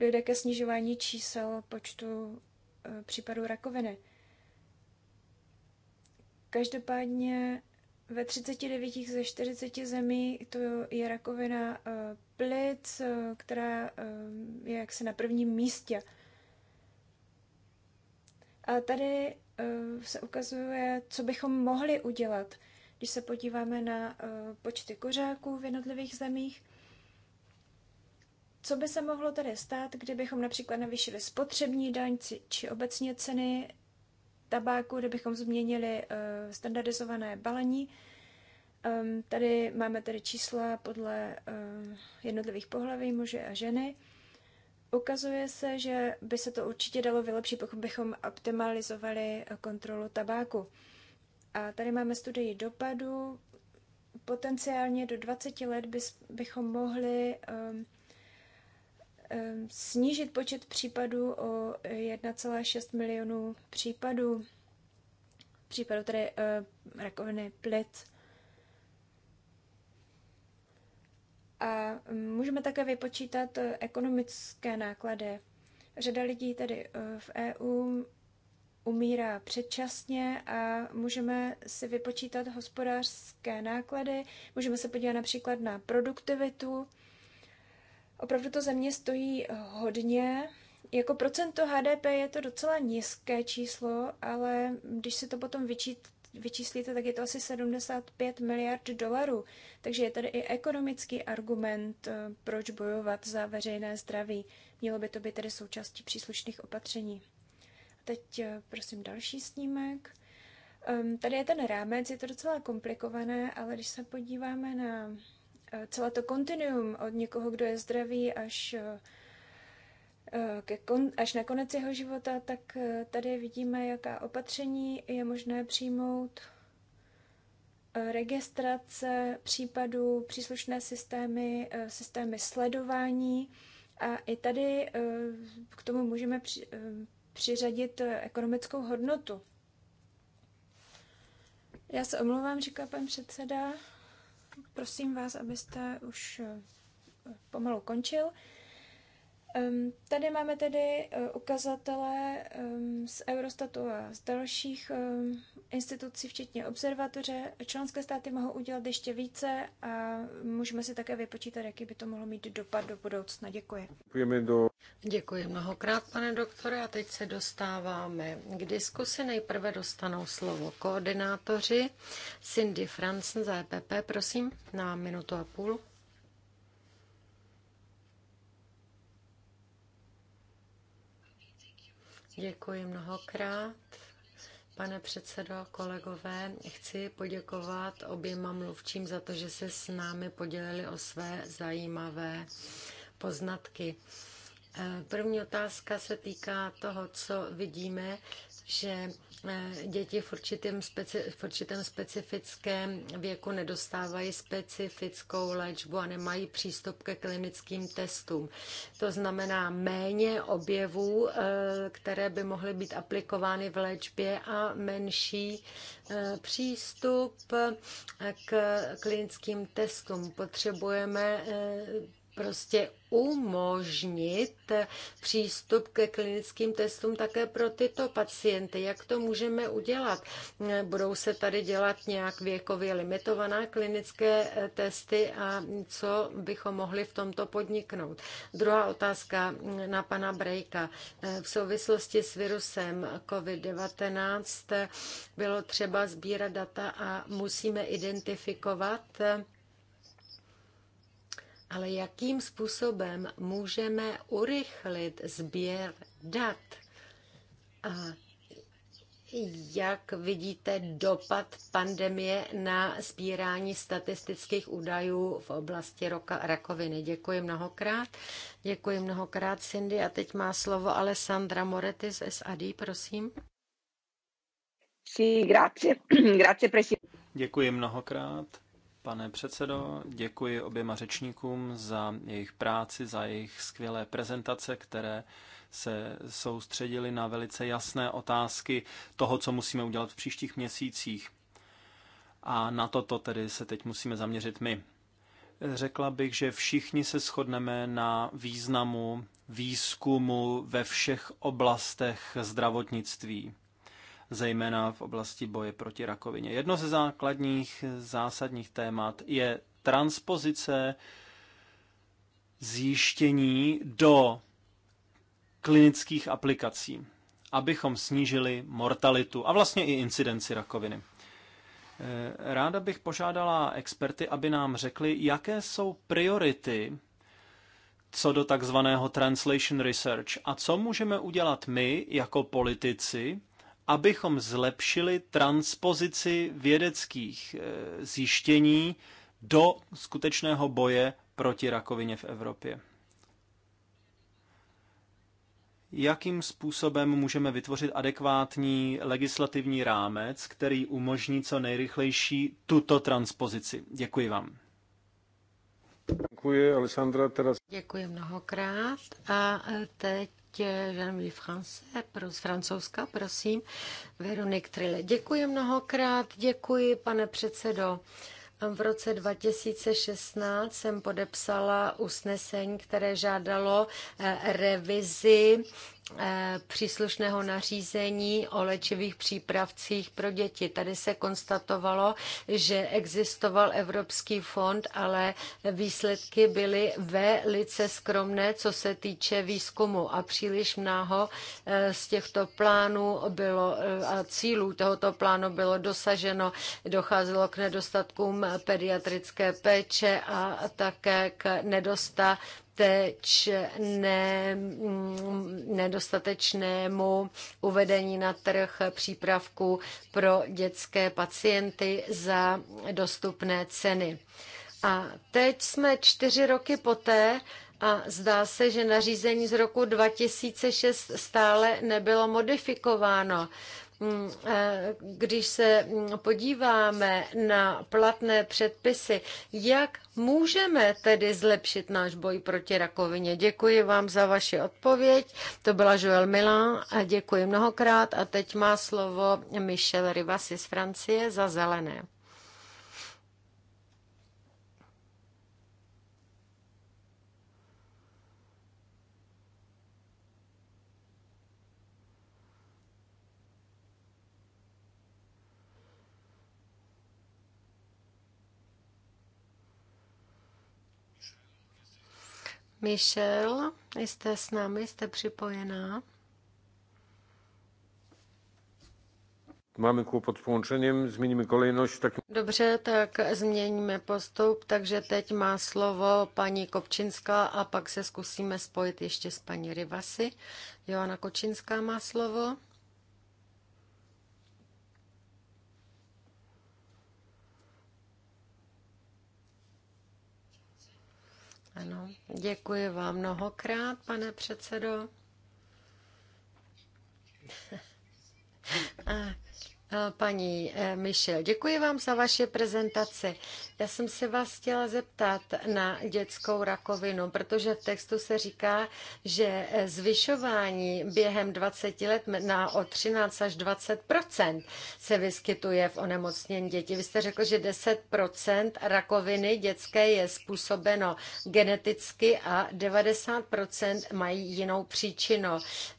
dojde ke snižování čísel počtu eh, případů rakoviny. Každopádně ve 39 ze 40 zemí to je rakovina eh, plic, eh, která je jaksi na prvním místě. A tady se ukazuje, co bychom mohli udělat, když se podíváme na počty kuřáků v jednotlivých zemích. Co by se mohlo tedy stát, kdybychom například navýšili spotřební daň či obecně ceny tabáku, kdybychom změnili eh, standardizované balení? Ehm, tady máme tedy čísla podle eh, jednotlivých pohlaví muže a ženy. Ukazuje se, že by se to určitě dalo vylepšit, pokud bychom optimalizovali eh, kontrolu tabáku. A tady máme studii dopadu. Potenciálně do 20 let bychom mohli um, Ehm, snížit počet případů o 1,6 milionů případů, případů tedy eh, rakoviny plic. A můžeme také vypočítat eh, ekonomické náklady. Řada lidí tedy eh, v EU umírá předčasně a můžeme si vypočítat hospodářské náklady, můžeme se podívat například na produktivitu Opravdu to země stojí eh, hodně. Jako procento HDP je to docela nízké číslo, ale když si to potom vyčít, vyčíslíte, tak je to asi 75 miliard dolarů. Takže je tady i ekonomický argument, eh, proč bojovat za veřejné zdraví. Mělo by to být tedy součástí příslušných opatření. A teď eh, prosím další snímek. Ehm, tady je ten rámec, je to docela komplikované, ale když se podíváme na Eh, celé to kontinuum od někoho, kdo je zdravý, až, eh, eh, ke kon, až na konec jeho života, tak tady vidíme, jaká opatření je možné přijmout. Registrace případů, příslušné systémy, systémy sledování. A i tady k tomu můžeme při, přiřadit ekonomickou hodnotu. Já se omlouvám, říká pan předseda. Prosím vás, abyste už eh, pomalu končil. Tady máme tedy eh, ukazatele z Eurostatu a z dalších institucí, včetně observatoře. Členské státy mohou udělat ještě více a můžeme si také vypočítat, jaký by to mohlo mít dopad do budoucna. Děkuji. Děkujeme do Děkuji mnohokrát, pane doktore, a teď se dostáváme k diskusi. Nejprve dostanou slovo koordinátoři. Cindy Fransen za EPP, prosím, na minutu a půl. Děkuji mnohokrát. Pane předsedo, kolegové, chci poděkovat oběma mluvčím za to, že se s námi podělili o své zajímavé poznatky. První otázka se týká toho, co vidíme, že eh, děti v určitém, speci, v určitém specifickém věku nedostávají specifickou léčbu a nemají přístup ke klinickým testům. To znamená méně objevů, eh, které by mohly být aplikovány v léčbě a menší eh, přístup k klinickým testům. Potřebujeme prostě umožnit přístup ke klinickým testům také pro tyto pacienty. Jak to můžeme udělat? Budou se tady dělat nějak věkově limitovaná klinické eh, testy a co bychom mohli v tomto podniknout? Druhá otázka mm, na pana Brejka. Eh, v souvislosti s virusem COVID-19 eh, bylo třeba sbírat data a musíme identifikovat ale jakým způsobem můžeme urychlit sběr dat? A jak vidíte dopad pandemie na sbírání statistických údajů v oblasti roka, rakoviny? Děkuji mnohokrát. Děkuji mnohokrát, Cindy. A teď má slovo Alessandra Moretti z SAD, prosím. Sí, grazie. grazie, Děkuji mnohokrát. Pane předsedo, děkuji oběma řečníkům za jejich práci, za jejich skvělé prezentace, které se soustředili na velice jasné otázky toho, co musíme udělat v příštích měsících. A na toto tedy se teď musíme zaměřit my. Řekla bych, že všichni se shodneme na významu výzkumu ve všech oblastech zdravotnictví zejména v oblasti boje proti rakovině. Jedno ze základních zásadních témat je transpozice zjištění do klinických aplikací, abychom snížili mortalitu a vlastně i incidenci rakoviny. Eh, ráda bych požádala experty, aby nám řekli, jaké jsou priority co do takzvaného translation research a co můžeme udělat my jako politici, abychom zlepšili transpozici vědeckých eh, zjištění do skutečného boje proti rakovině v Evropě. Jakým způsobem můžeme vytvořit adekvátní legislativní rámec, který umožní co nejrychlejší tuto transpozici? Děkuji vám. Děkuji, Alessandra. Teraz... Děkuji mnohokrát. A eh, teď ještě Jean-Louis France z Francouzska, prosím. Veronik Trille. Děkuji mnohokrát, děkuji, pane předsedo. V roce 2016 jsem podepsala usnesení, které žádalo eh, revizi Eh, příslušného nařízení o léčivých přípravcích pro děti. Tady se konstatovalo, že existoval Evropský fond, ale výsledky byly velice skromné, co se týče výzkumu a příliš mnoho eh, z těchto plánů bylo eh, a cílů tohoto plánu bylo dosaženo. Docházelo k nedostatkům pediatrické péče a také k nedostatku nedostatečné, nedostatečnému uvedení na trh přípravku pro dětské pacienty za dostupné ceny. A teď jsme čtyři roky poté, a zdá se, že nařízení z roku 2006 stále nebylo modifikováno. Mm, eh, když se mm, podíváme na platné předpisy, jak můžeme tedy zlepšit náš boj proti rakovině? Děkuji vám za vaši odpověď. To byla Joel Milan a děkuji mnohokrát. A teď má slovo Michel Rivasi z Francie za zelené. Michel, jste s námi, jste připojená. Máme kłopot s połączeniem, změníme kolejnost. Tak... Dobře, tak změníme postup, takže teď má slovo paní Kopčinská a pak se zkusíme spojit ještě s paní Rivasy. Joana Kočinská má slovo. Ano, děkuji vám mnohokrát, pane předsedo. Paní eh, Michel, děkuji vám za vaše prezentaci. Já jsem se vás chtěla zeptat na dětskou rakovinu, protože v textu se říká, že eh, zvyšování během 20 let na o 13 až 20 se vyskytuje v onemocnění dětí. Vy jste řekl, že 10 rakoviny dětské je způsobeno geneticky a 90 mají jinou příčinu.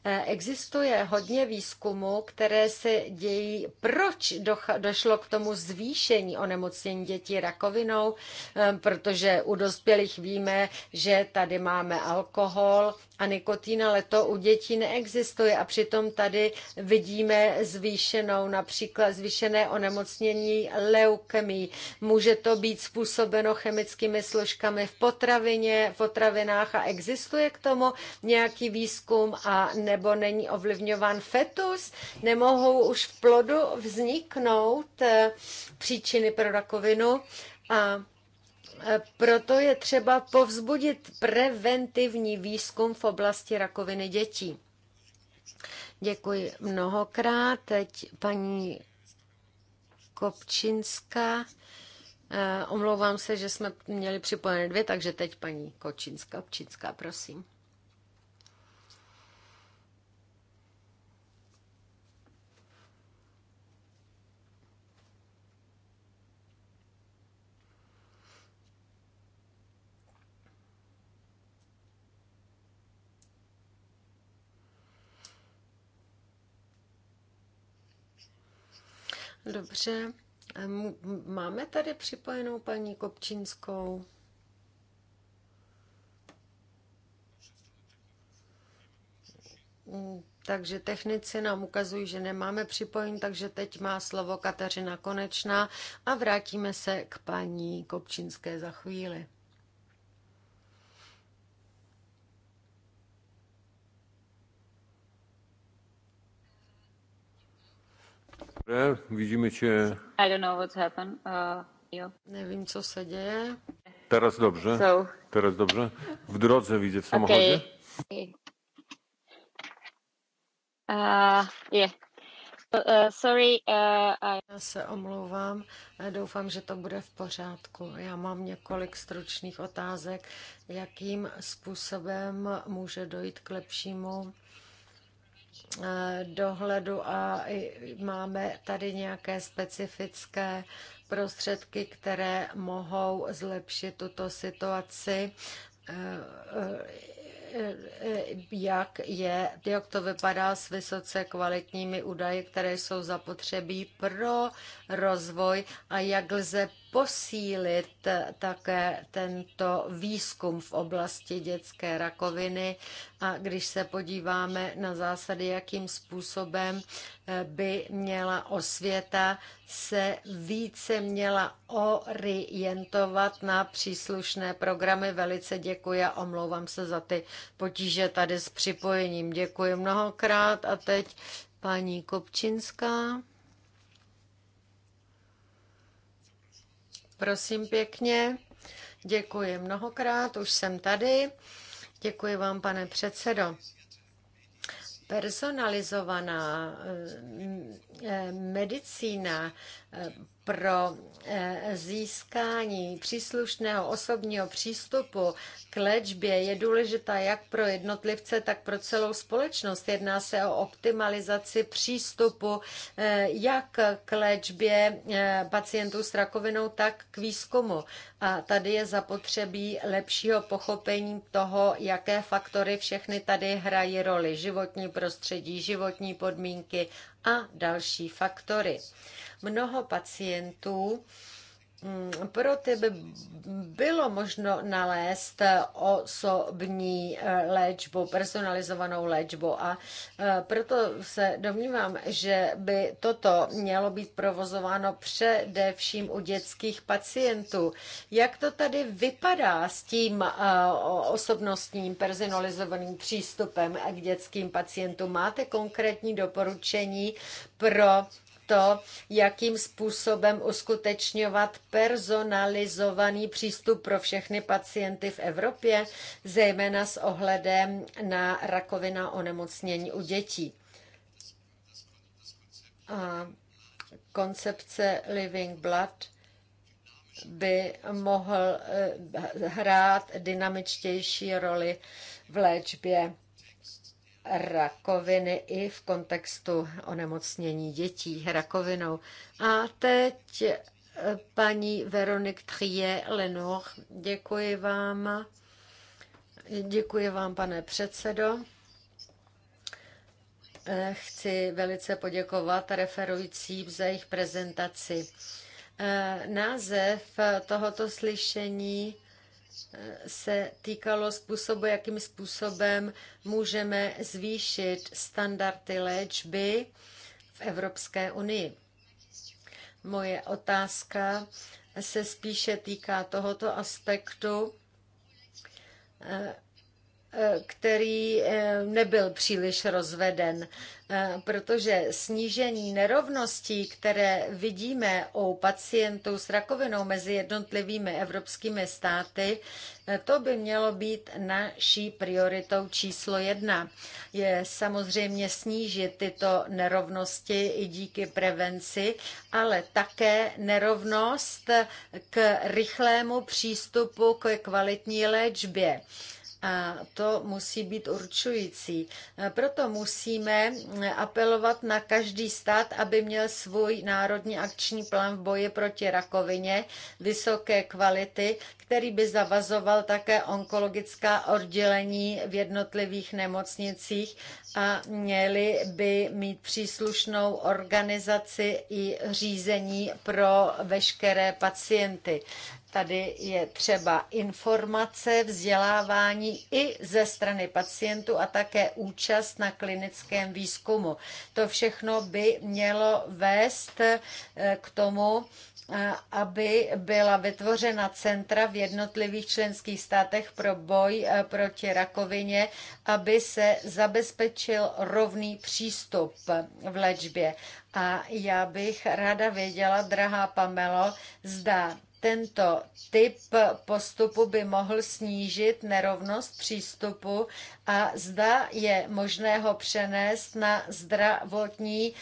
Eh, existuje hodně výzkumu, které se dějí proč došlo k tomu zvýšení onemocnění dětí rakovinou, ehm, protože u dospělých víme, že tady máme alkohol, a nikotin, ale to u dětí neexistuje a přitom tady vidíme zvýšenou, například zvýšené onemocnění leukemí. Může to být způsobeno chemickými složkami v potravině, v potravinách a existuje k tomu nějaký výzkum a nebo není ovlivňován fetus, nemohou už v plodu vzniknout eh, příčiny pro rakovinu a proto je třeba povzbudit preventivní výzkum v oblasti rakoviny dětí. Děkuji mnohokrát. Teď paní Kopčinská. Eh, omlouvám se, že jsme měli připojené dvě, takže teď paní Kočinská, Kopčinská, prosím. Dobře. Máme tady připojenou paní Kopčínskou. Mm, takže technici nám ukazují, že nemáme připojení, takže teď má slovo Kateřina Konečná a vrátíme se k paní Kopčínské za chvíli. Vidíme, že... I don't know what's happened. Uh, jo. Nevím, co se děje. Teraz dobře. So. Teraz dobře. V drodze vidět v samochodě. Okay. Uh, yeah. Uh, sorry, uh, I... Já se omlouvám, doufám, že to bude v pořádku. Já mám několik stručných otázek. Jakým způsobem může dojít k lepšímu Eh, dohledu a máme tady nějaké specifické prostředky, které mohou zlepšit tuto situaci eh, eh, jak je, jak to vypadá s vysoce kvalitními údaji, které jsou zapotřebí pro rozvoj a jak lze posílit také tento výzkum v oblasti dětské rakoviny a když se podíváme na zásady, jakým způsobem eh, by měla osvěta se více měla orientovat na příslušné programy. Velice děkuji a omlouvám se za ty potíže tady s připojením. Děkuji mnohokrát a teď paní Kopčinská. Prosím pěkně, děkuji mnohokrát, už jsem tady. Děkuji vám, pane předsedo personalizovaná eh, eh, medicína eh, pro získání příslušného osobního přístupu k léčbě je důležitá jak pro jednotlivce, tak pro celou společnost. Jedná se o optimalizaci přístupu jak k léčbě pacientů s rakovinou, tak k výzkumu. A tady je zapotřebí lepšího pochopení toho, jaké faktory všechny tady hrají roli. Životní prostředí, životní podmínky a další faktory. Mnoho pacientů Mm, pro tebe bylo možno nalézt osobní eh, léčbu, personalizovanou léčbu a eh, proto se domnívám, že by toto mělo být provozováno především u dětských pacientů. Jak to tady vypadá s tím eh, osobnostním personalizovaným přístupem k dětským pacientům? Máte konkrétní doporučení pro to, jakým způsobem uskutečňovat personalizovaný přístup pro všechny pacienty v Evropě, zejména s ohledem na rakovina onemocnění u dětí. A koncepce Living Blood by mohl eh, hrát dynamičtější roli v léčbě rakoviny i v kontextu onemocnění dětí rakovinou. A teď eh, paní Veronik Trie Lenoch, děkuji vám. Děkuji vám, pane předsedo. Eh, chci velice poděkovat referujícím za jejich prezentaci. Eh, název tohoto slyšení se týkalo způsobu, jakým způsobem můžeme zvýšit standardy léčby v Evropské unii. Moje otázka se spíše týká tohoto aspektu který eh, nebyl příliš rozveden, eh, protože snížení nerovností, které vidíme u pacientů s rakovinou mezi jednotlivými evropskými státy, eh, to by mělo být naší prioritou číslo jedna. Je samozřejmě snížit tyto nerovnosti i díky prevenci, ale také nerovnost k rychlému přístupu k kvalitní léčbě a to musí být určující. Proto musíme apelovat na každý stát, aby měl svůj národní akční plán v boji proti rakovině vysoké kvality, který by zavazoval také onkologická oddělení v jednotlivých nemocnicích a měli by mít příslušnou organizaci i řízení pro veškeré pacienty. Tady je třeba informace, vzdělávání i ze strany pacientů a také účast na klinickém výzkumu. To všechno by mělo vést eh, k tomu, eh, aby byla vytvořena centra v jednotlivých členských státech pro boj eh, proti rakovině, aby se zabezpečil rovný přístup v léčbě. A já bych ráda věděla, drahá Pamelo, zda tento typ postupu by mohl snížit nerovnost přístupu a zda je možné ho přenést na zdravotní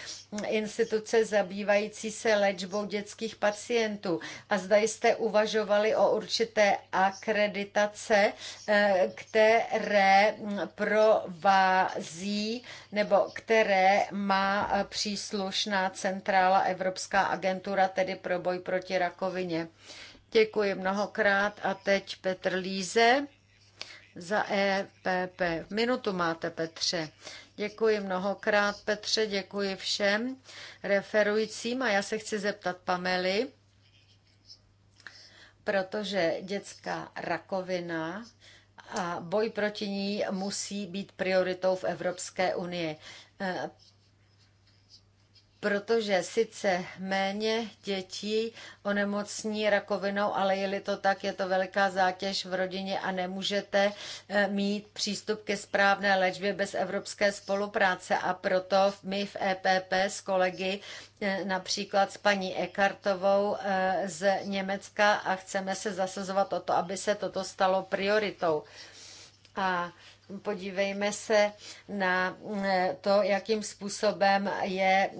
instituce zabývající se léčbou dětských pacientů. A zda jste uvažovali o určité akreditace, eh, které provází nebo které má příslušná centrála Evropská agentura, tedy pro boj proti rakovině. Děkuji mnohokrát a teď Petr Líze za EPP. Minutu máte, Petře. Děkuji mnohokrát, Petře, děkuji všem referujícím a já se chci zeptat Pamely, protože dětská rakovina a boj proti ní musí být prioritou v Evropské unii protože sice méně dětí onemocní rakovinou, ale je-li to tak, je to veliká zátěž v rodině a nemůžete eh, mít přístup ke správné léčbě bez evropské spolupráce. A proto my v EPP s kolegy, eh, například s paní Ekartovou eh, z Německa, a chceme se zasazovat o to, aby se toto stalo prioritou. A podívejme se na eh, to, jakým způsobem je,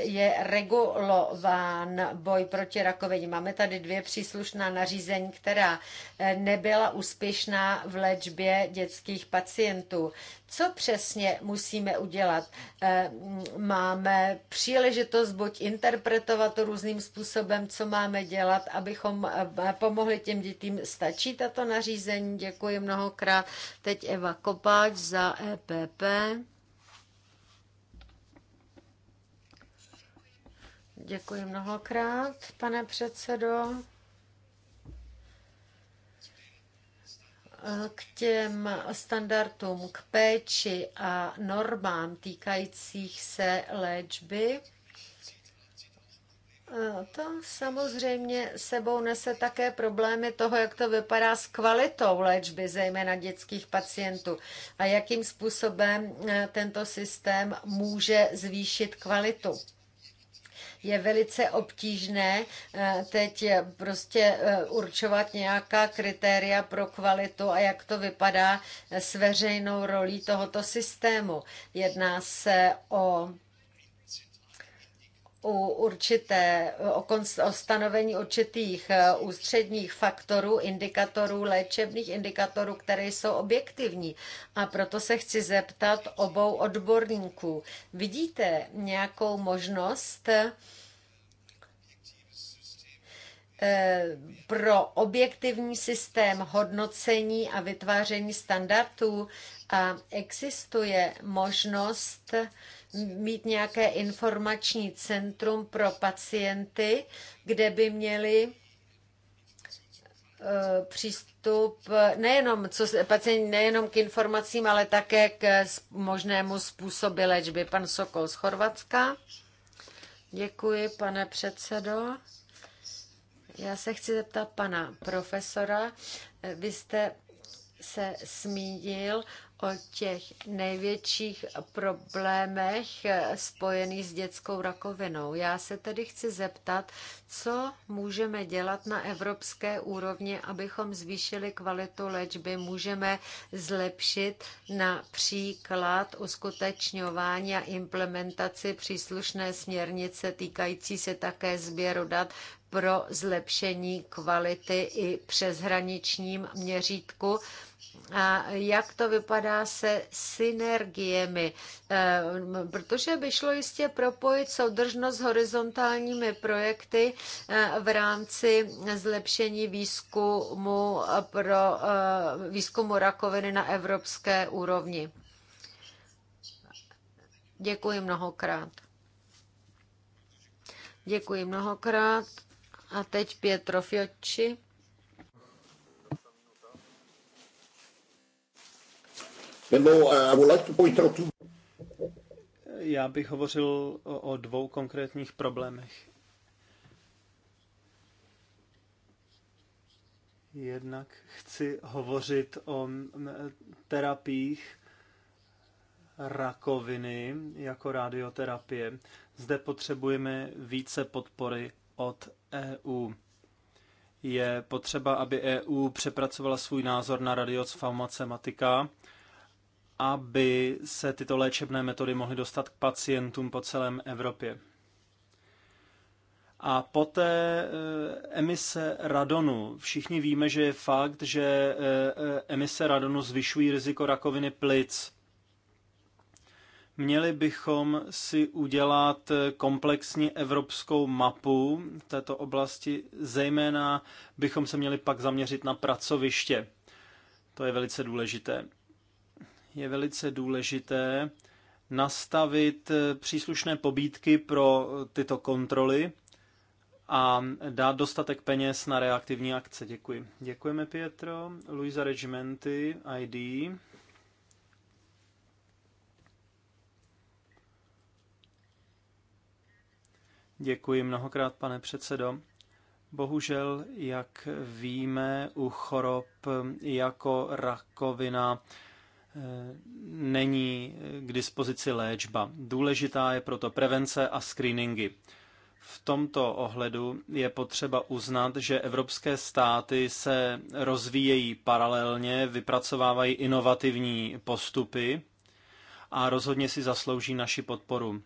je regulován boj proti rakovině. Máme tady dvě příslušná nařízení, která eh, nebyla úspěšná v léčbě dětských pacientů. Co přesně musíme udělat? Eh, máme příležitost buď interpretovat to různým způsobem, co máme dělat, abychom eh, pomohli těm dětím. Stačí tato nařízení? Děkuji mnohokrát. Teď Eva Kopáč za EPP. Děkuji mnohokrát, pane předsedo. k těm standardům, k péči a normám týkajících se léčby. To samozřejmě sebou nese také problémy toho, jak to vypadá s kvalitou léčby, zejména dětských pacientů, a jakým způsobem e, tento systém může zvýšit kvalitu je velice obtížné eh, teď prostě eh, určovat nějaká kritéria pro kvalitu a jak to vypadá s veřejnou rolí tohoto systému. Jedná se o u určité, o, o stanovení určitých e, ústředních faktorů, indikatorů, léčebných indikatorů, které jsou objektivní. A proto se chci zeptat obou odborníků. Vidíte nějakou možnost e, pro objektivní systém hodnocení a vytváření standardů a existuje možnost mít nějaké informační centrum pro pacienty, kde by měli eh, přístup eh, nejenom, co, pacienti nejenom k informacím, ale také k možnému způsobu léčby. Pan Sokol z Chorvatska. Děkuji, pane předsedo. Já se chci zeptat pana profesora. Vy jste se zmínil o těch největších problémech spojených s dětskou rakovinou. Já se tedy chci zeptat, co můžeme dělat na evropské úrovni, abychom zvýšili kvalitu léčby. Můžeme zlepšit například uskutečňování a implementaci příslušné směrnice týkající se také sběru dat pro zlepšení kvality i přeshraničním měřítku. A jak to vypadá se synergiemi? Eh, protože by šlo jistě propojit soudržnost s horizontálními projekty v rámci zlepšení výzkumu, pro, eh, výzkumu rakoviny na evropské úrovni. Děkuji mnohokrát. Děkuji mnohokrát. A teď Pietro Fiocci. Eh, Já bych hovořil o dvou konkrétních problémech. Jednak chci hovořit o terapiích rakoviny jako radioterapie. Zde potřebujeme více podpory od EU. Je potřeba, aby EU přepracovala svůj názor na radiofamacomatika, aby se tyto léčebné metody mohly dostat k pacientům po celém Evropě. A poté eh, emise radonu. Všichni víme, že je fakt, že eh, eh, emise radonu zvyšují riziko rakoviny plic. Měli bychom si udělat komplexní evropskou mapu této oblasti, zejména bychom se měli pak zaměřit na pracoviště. To je velice důležité. Je velice důležité nastavit příslušné pobídky pro tyto kontroly a dát dostatek peněz na reaktivní akce. Děkuji. Děkujeme, Pietro. Luisa Regimenty, ID. Děkuji mnohokrát, pane předsedo. Bohužel, jak víme, u chorob jako rakovina eh, není k dispozici léčba. Důležitá je proto prevence a screeningy. V tomto ohledu je potřeba uznat, že evropské státy se rozvíjejí paralelně, vypracovávají inovativní postupy a rozhodně si zaslouží naši podporu.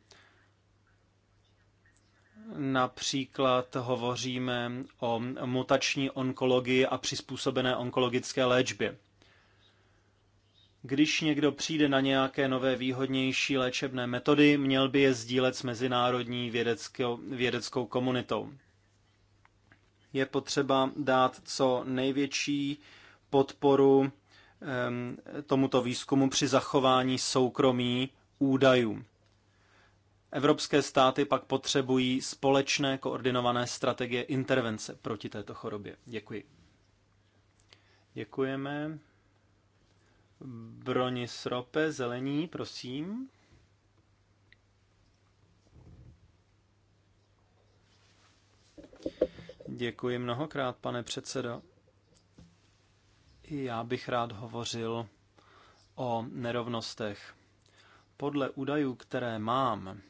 Například hovoříme o mutační onkologii a přizpůsobené onkologické léčbě. Když někdo přijde na nějaké nové výhodnější léčebné metody, měl by je sdílet s mezinárodní vědeckou, vědeckou komunitou. Je potřeba dát co největší podporu tomuto výzkumu při zachování soukromí údajů. Evropské státy pak potřebují společné koordinované strategie intervence proti této chorobě. Děkuji. Děkujeme. Bronis Rope, zelení, prosím. Děkuji mnohokrát, pane předsedo. Já bych rád hovořil o nerovnostech. Podle údajů, které mám,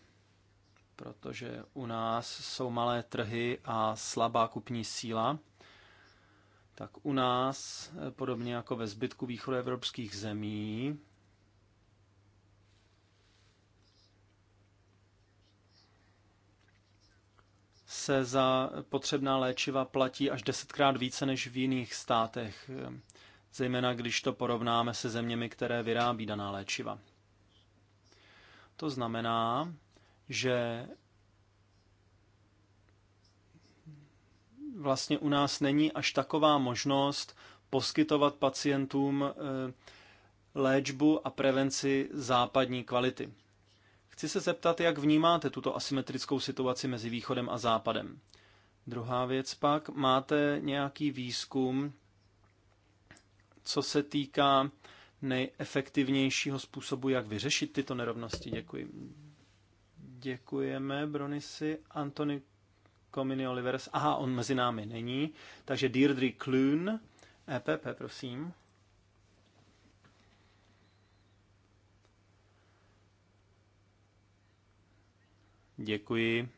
protože u nás jsou malé trhy a slabá kupní síla, tak u nás, eh, podobně jako ve zbytku východoevropských zemí, se za potřebná léčiva platí až desetkrát více než v jiných státech, eh, zejména když to porovnáme se zeměmi, které vyrábí daná léčiva. To znamená, že vlastně u nás není až taková možnost poskytovat pacientům eh, léčbu a prevenci západní kvality. Chci se zeptat, jak vnímáte tuto asymetrickou situaci mezi východem a západem. Druhá věc pak, máte nějaký výzkum, co se týká nejefektivnějšího způsobu, jak vyřešit tyto nerovnosti? Děkuji. Děkujeme, Bronisy. Antony Kominy Olivers. Aha, on mezi námi není. Takže Deirdre Klun, EPP, prosím. Děkuji.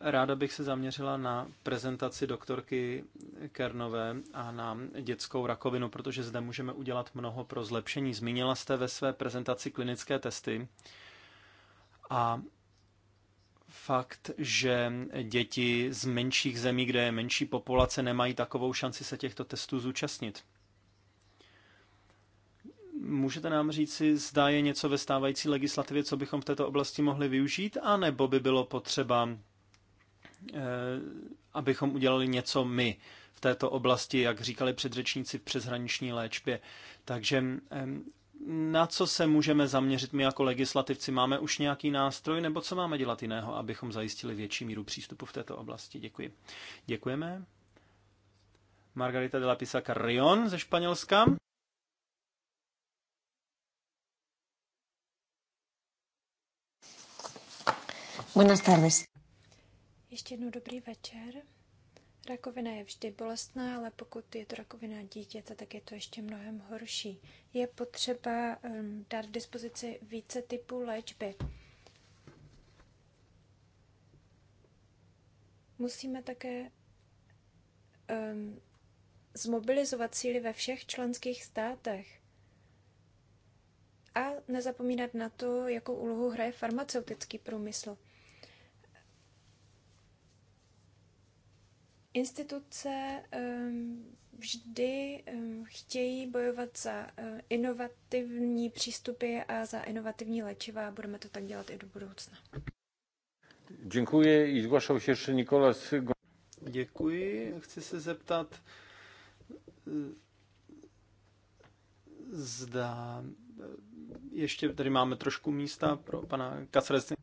Ráda bych se zaměřila na prezentaci doktorky Kernové a na dětskou rakovinu, protože zde můžeme udělat mnoho pro zlepšení. Zmínila jste ve své prezentaci klinické testy a fakt, že děti z menších zemí, kde je menší populace, nemají takovou šanci se těchto testů zúčastnit. Můžete nám říci, zda je něco ve stávající legislativě, co bychom v této oblasti mohli využít, anebo by bylo potřeba, eh, abychom udělali něco my v této oblasti, jak říkali předřečníci v přeshraniční léčbě. Takže na co se můžeme zaměřit my jako legislativci? Máme už nějaký nástroj, nebo co máme dělat jiného, abychom zajistili větší míru přístupu v této oblasti? Děkuji. Děkujeme. Margarita de la Pisa Carrion ze Španělska. Buenas tardes. Ještě jednou dobrý večer. Rakovina je vždy bolestná, ale pokud je to rakovina dítěte, tak je to ještě mnohem horší. Je potřeba um, dát k dispozici více typů léčby. Musíme také um, zmobilizovat síly ve všech členských státech a nezapomínat na to, jakou úlohu hraje farmaceutický průmysl. Instituce ehm, vždy ehm, chtějí bojovat za eh, inovativní přístupy a za inovativní léčiva a budeme to tak dělat i do budoucna. Děkuji. I zgłaszał se, jeszcze Nikolas. Děkuji. Chci se zeptat, zda e, ještě tady máme trošku místa pro pana Kacresy.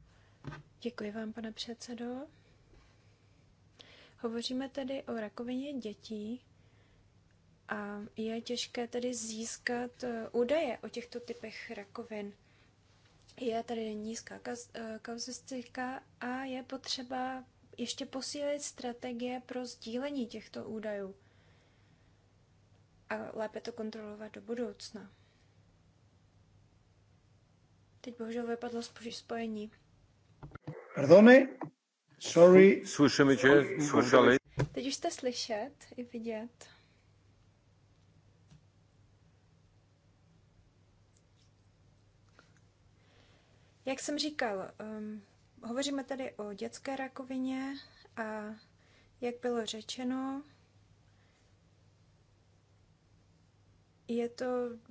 Děkuji vám, pane předsedo. Hovoříme tedy o rakovině dětí a je těžké tedy získat eh, údaje o těchto typech rakovin. Je tady nízká eh, kauzistika a je potřeba ještě posílit strategie pro sdílení těchto údajů a lépe to kontrolovat do budoucna. Teď bohužel vypadlo spojení. Perdone, Sorry. Slyšíme tě, slyšeli. Teď už jste slyšet i vidět. Jak jsem říkal, um, hovoříme tady o dětské rakovině a jak bylo řečeno, je to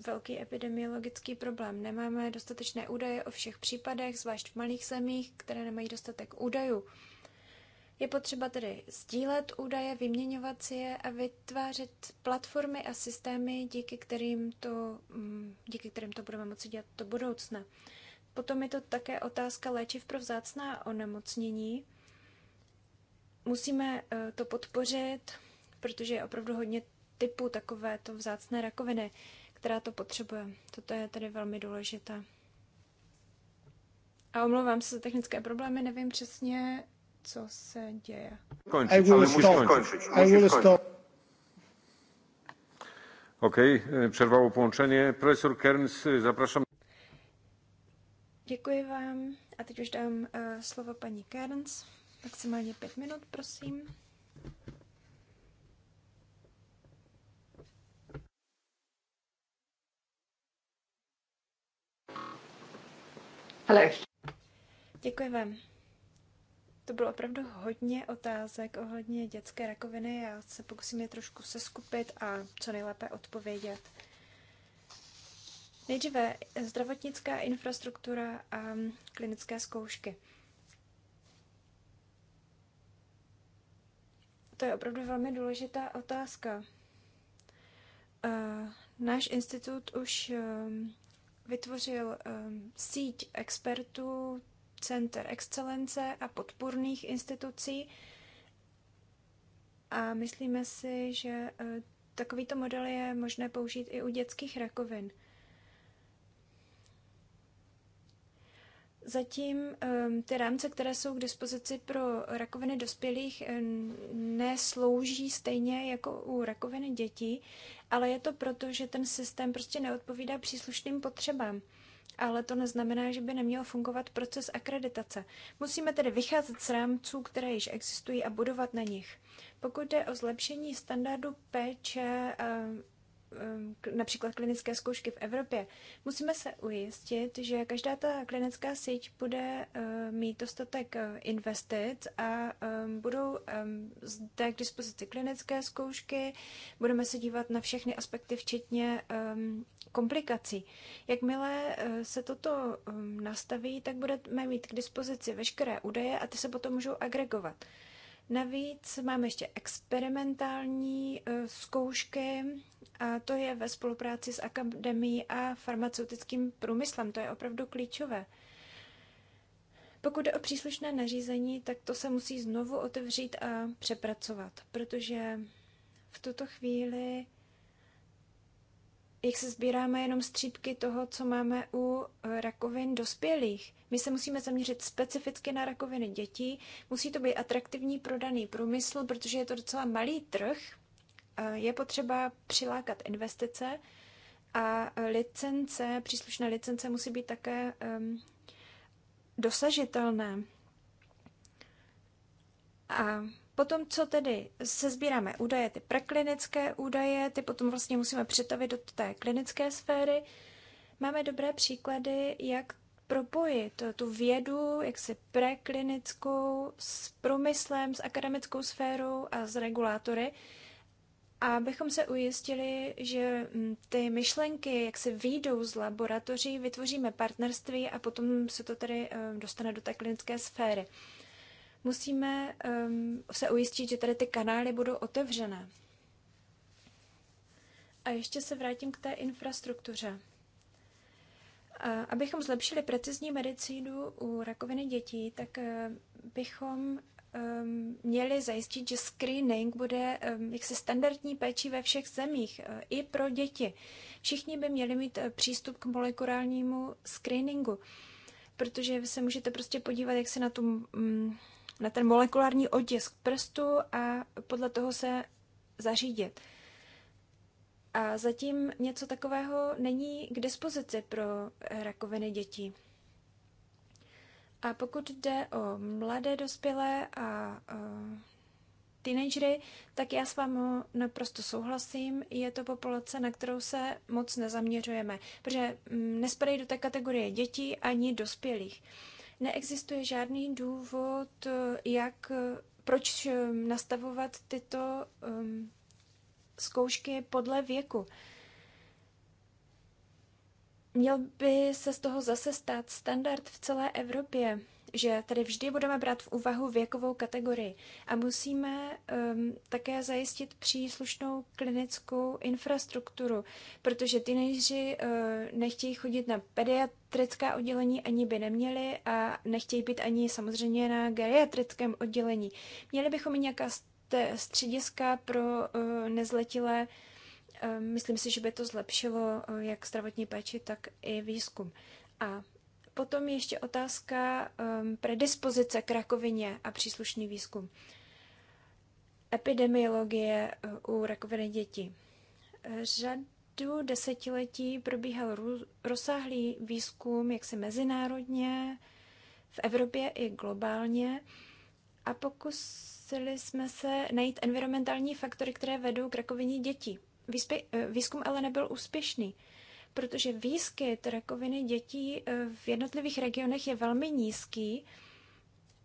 velký epidemiologický problém. Nemáme dostatečné údaje o všech případech, zvlášť v malých zemích, které nemají dostatek údajů. Je potřeba tedy sdílet údaje, vyměňovat si je a vytvářet platformy a systémy, díky kterým to, mm, díky kterým to budeme moci dělat do budoucna. Potom je to také otázka léčiv pro vzácná onemocnění. Musíme eh, to podpořit, protože je opravdu hodně typů takovéto vzácné rakoviny, která to potřebuje. Toto je tedy velmi důležité. A omlouvám se za technické problémy, nevím přesně, co se děje. Končit, I will stop. Končit, I will stop. OK, e, přervalo połączenie. Profesor Kerns, e, zapraszam. Děkuji vám. A teď už dám uh, slovo paní Kerns. Maximálně pět minut, prosím. Hello. Děkuji vám. To bylo opravdu hodně otázek ohledně dětské rakoviny. Já se pokusím je trošku seskupit a co nejlépe odpovědět. Nejdříve zdravotnická infrastruktura a klinické zkoušky. To je opravdu velmi důležitá otázka. Eh, náš institut už eh, vytvořil eh, síť expertů, center excelence a podpůrných institucí. A myslíme si, že eh, takovýto model je možné použít i u dětských rakovin. Zatím ehm, ty rámce, které jsou k dispozici pro rakoviny dospělých, eh, neslouží stejně jako u rakoviny dětí, ale je to proto, že ten systém prostě neodpovídá příslušným potřebám ale to neznamená, že by neměl fungovat proces akreditace. Musíme tedy vycházet z rámců, které již existují a budovat na nich. Pokud jde o zlepšení standardu péče eh, Um, například klinické zkoušky v Evropě, musíme se ujistit, že každá ta klinická síť bude eh, mít dostatek eh, investic a eh, budou zde k dispozici klinické zkoušky, budeme se dívat na všechny aspekty, včetně komplikací. Jakmile se toto nastaví, tak budeme mít k dispozici veškeré údaje a ty se potom můžou agregovat. Navíc máme ještě experimentální zkoušky, a to je ve spolupráci s akademií a farmaceutickým průmyslem. To je opravdu klíčové. Pokud jde o příslušné nařízení, tak to se musí znovu otevřít a přepracovat, protože v tuto chvíli jak se sbíráme jenom střípky toho, co máme u rakovin dospělých. My se musíme zaměřit specificky na rakoviny dětí. Musí to být atraktivní prodaný průmysl, protože je to docela malý trh je potřeba přilákat investice a licence, příslušné licence musí být také dosažitelné. A potom, co tedy se údaje, ty preklinické údaje, ty potom vlastně musíme přetavit do té klinické sféry. Máme dobré příklady, jak propojit tu vědu, jak si preklinickou, s průmyslem, s akademickou sférou a s regulátory abychom se ujistili, že mm, ty myšlenky, jak se výjdou z laboratoří, vytvoříme partnerství a potom se to tedy eh, dostane do té klinické sféry. Musíme ehm, se ujistit, že tady ty kanály budou otevřené. A ještě se vrátím k té infrastruktuře. Eh, abychom zlepšili precizní medicínu u rakoviny dětí, tak eh, bychom Um, měli zajistit, že screening bude um, jaksi standardní péči ve všech zemích, uh, i pro děti. Všichni by měli mít uh, přístup k molekulárnímu screeningu, protože vy se můžete prostě podívat, jak se na, tu, mm, na ten molekulární otisk prstu a podle toho se zařídit. A zatím něco takového není k dispozici pro rakoviny dětí. A pokud jde o mladé dospělé a uh, teenagery, tak já s vámi naprosto souhlasím. Je to populace, na kterou se moc nezaměřujeme, protože mm, nespadají do té kategorie dětí ani dospělých. Neexistuje žádný důvod, e, jak, e, proč e, nastavovat tyto um, zkoušky podle věku. Měl by se z toho zase stát standard v celé Evropě, že tady vždy budeme brát v úvahu věkovou kategorii a musíme um, také zajistit příslušnou klinickou infrastrukturu, protože teenageři uh, nechtějí chodit na pediatrická oddělení, ani by neměli a nechtějí být ani samozřejmě na geriatrickém oddělení. Měli bychom i nějaká střediska pro uh, nezletilé uh, Ehm, myslím si, že by to zlepšilo eh, jak zdravotní péči, tak i výzkum. A potom ještě otázka ehm, predispozice k rakovině a příslušný výzkum. Epidemiologie eh, u rakoviny dětí. Řadu desetiletí probíhal rozsáhlý výzkum, jak se mezinárodně, v Evropě i globálně, a pokusili jsme se najít environmentální faktory, které vedou k rakovině dětí. Eh, výzkum ale nebyl úspěšný, protože výskyt rakoviny dětí eh, v jednotlivých regionech je velmi nízký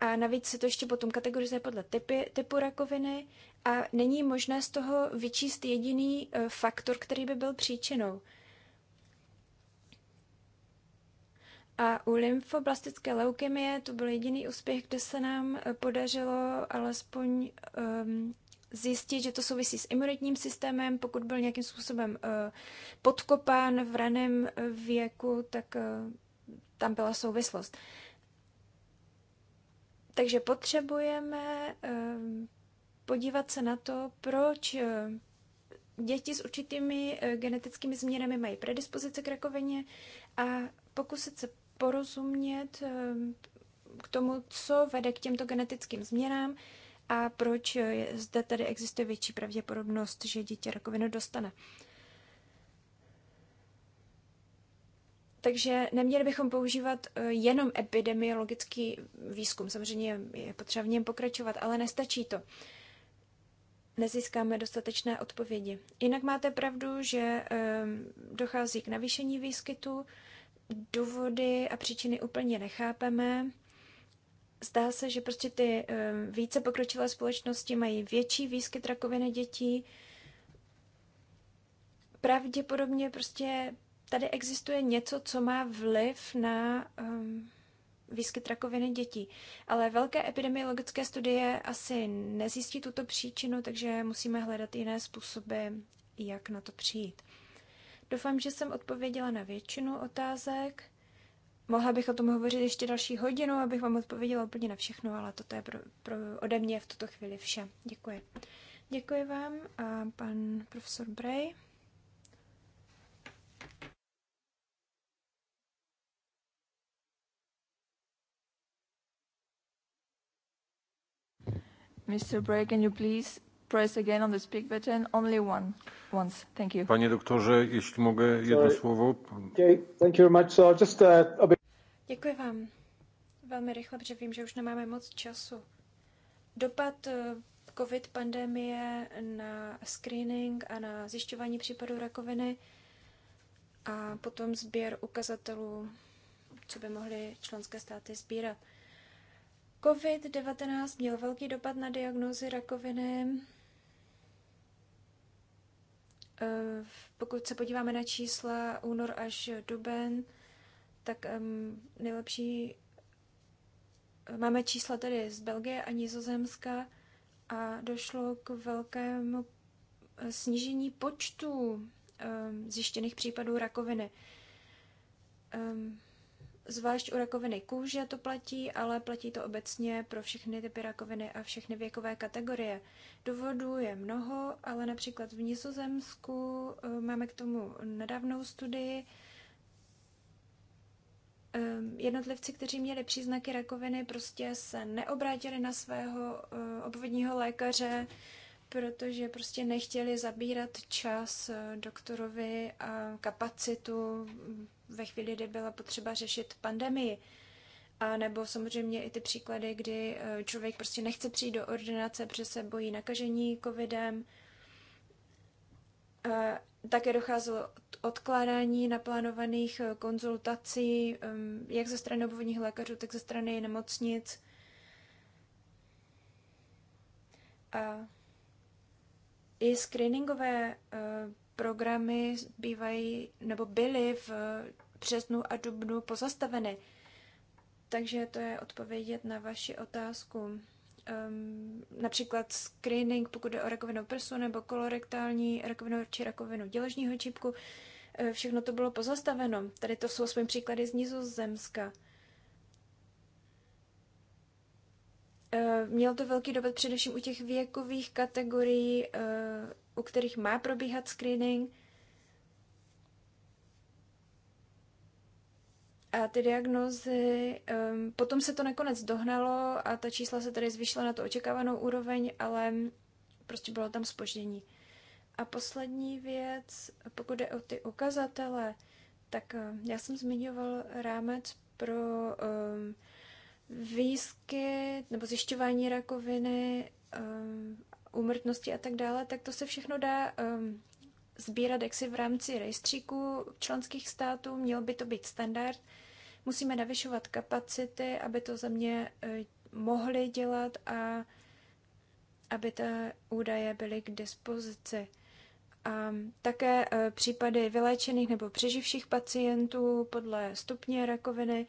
a navíc se to ještě potom kategorizuje podle typy, typu rakoviny a není možné z toho vyčíst jediný eh, faktor, který by byl příčinou. A u lymfoblastické leukemie to byl jediný úspěch, kde se nám podařilo alespoň um, zjistit, že to souvisí s imunitním systémem. Pokud byl nějakým způsobem eh, podkopán v raném eh, věku, tak eh, tam byla souvislost. Takže potřebujeme podívat se na to, proč děti s určitými genetickými změnami mají predispozice k rakovině a pokusit se porozumět k tomu, co vede k těmto genetickým změnám, a proč zde tedy existuje větší pravděpodobnost, že dítě rakovinu dostane. Takže neměli bychom používat eh, jenom epidemiologický výzkum. Samozřejmě je potřeba v něm pokračovat, ale nestačí to. Nezískáme dostatečné odpovědi. Jinak máte pravdu, že ehm, dochází k navýšení výskytu, důvody a příčiny úplně nechápeme. Zdá se, že prostě ty ehm, více pokročilé společnosti mají větší výskyt rakoviny dětí. Pravděpodobně prostě tady existuje něco, co má vliv na um, výskyt rakoviny dětí. Ale velké epidemiologické studie asi nezjistí tuto příčinu, takže musíme hledat jiné způsoby, jak na to přijít. Doufám, že jsem odpověděla na většinu otázek. Mohla bych o tom hovořit ještě další hodinu, abych vám odpověděla úplně na všechno, ale toto je pro, pro ode mě v tuto chvíli vše. Děkuji. Děkuji vám a pan profesor Bray. Mr. Bray, can you please press again on the speak button only one, once. Thank you. Panie doktorze, jeśli mogę jedno Sorry. słowo. Okay, thank you very much. So just, uh, a bit... Děkuji vám. Velmi rychle, protože vím, že už nemáme moc času. Dopad eh, COVID pandemie na screening a na zjišťování případů rakoviny a potom sběr ukazatelů, co by mohly členské státy sbírat. COVID-19 měl velký dopad na diagnózy rakoviny Eh, pokud se podíváme na čísla únor až duben, tak nejlepší máme čísla tedy z Belgie a Nizozemska a došlo k velkému eh, snížení počtu zjištěných případů rakoviny. Um, Zvlášť u rakoviny kůže to platí, ale platí to obecně pro všechny typy rakoviny a všechny věkové kategorie. Důvodů je mnoho, ale například v Nizozemsku eh, máme k tomu nedávnou studii. Ehm, jednotlivci, kteří měli příznaky rakoviny, prostě se neobrátili na svého eh, obvodního lékaře, protože prostě nechtěli zabírat čas eh, doktorovi a kapacitu ve chvíli, kdy byla potřeba řešit pandemii. A nebo samozřejmě i ty příklady, kdy eh, člověk prostě nechce přijít do ordinace, protože se bojí nakažení covidem. Eh, také docházelo odkládání naplánovaných eh, konzultací, jak ze strany obvodních lékařů, tak ze strany nemocnic. A i screeningové programy bývají nebo byly v březnu a dubnu pozastaveny. Takže to je odpovědět na vaši otázku. Um, například screening, pokud jde o rakovinu prsu nebo kolorektální rakovinu či rakovinu děložního čípku, eh, všechno to bylo pozastaveno. Tady to jsou svým příklady z Nizozemska. Eh, měl to velký dopad především u těch věkových kategorií eh, u kterých má probíhat screening. A ty diagnózy, um, potom se to nakonec dohnalo a ta čísla se tady zvýšila na tu očekávanou úroveň, ale prostě bylo tam spoždění. A poslední věc, pokud jde o ty ukazatele, tak ehm, já jsem zmiňoval rámec pro um, ehm, výskyt nebo zjišťování rakoviny um, úmrtnosti a tak dále, tak to se všechno dá um, sbírat jaksi v rámci rejstříku členských států, měl by to být standard. Musíme navyšovat kapacity, aby to země eh, mohly dělat a aby ta údaje byly k dispozici. A také eh, případy vyléčených nebo přeživších pacientů podle stupně rakoviny,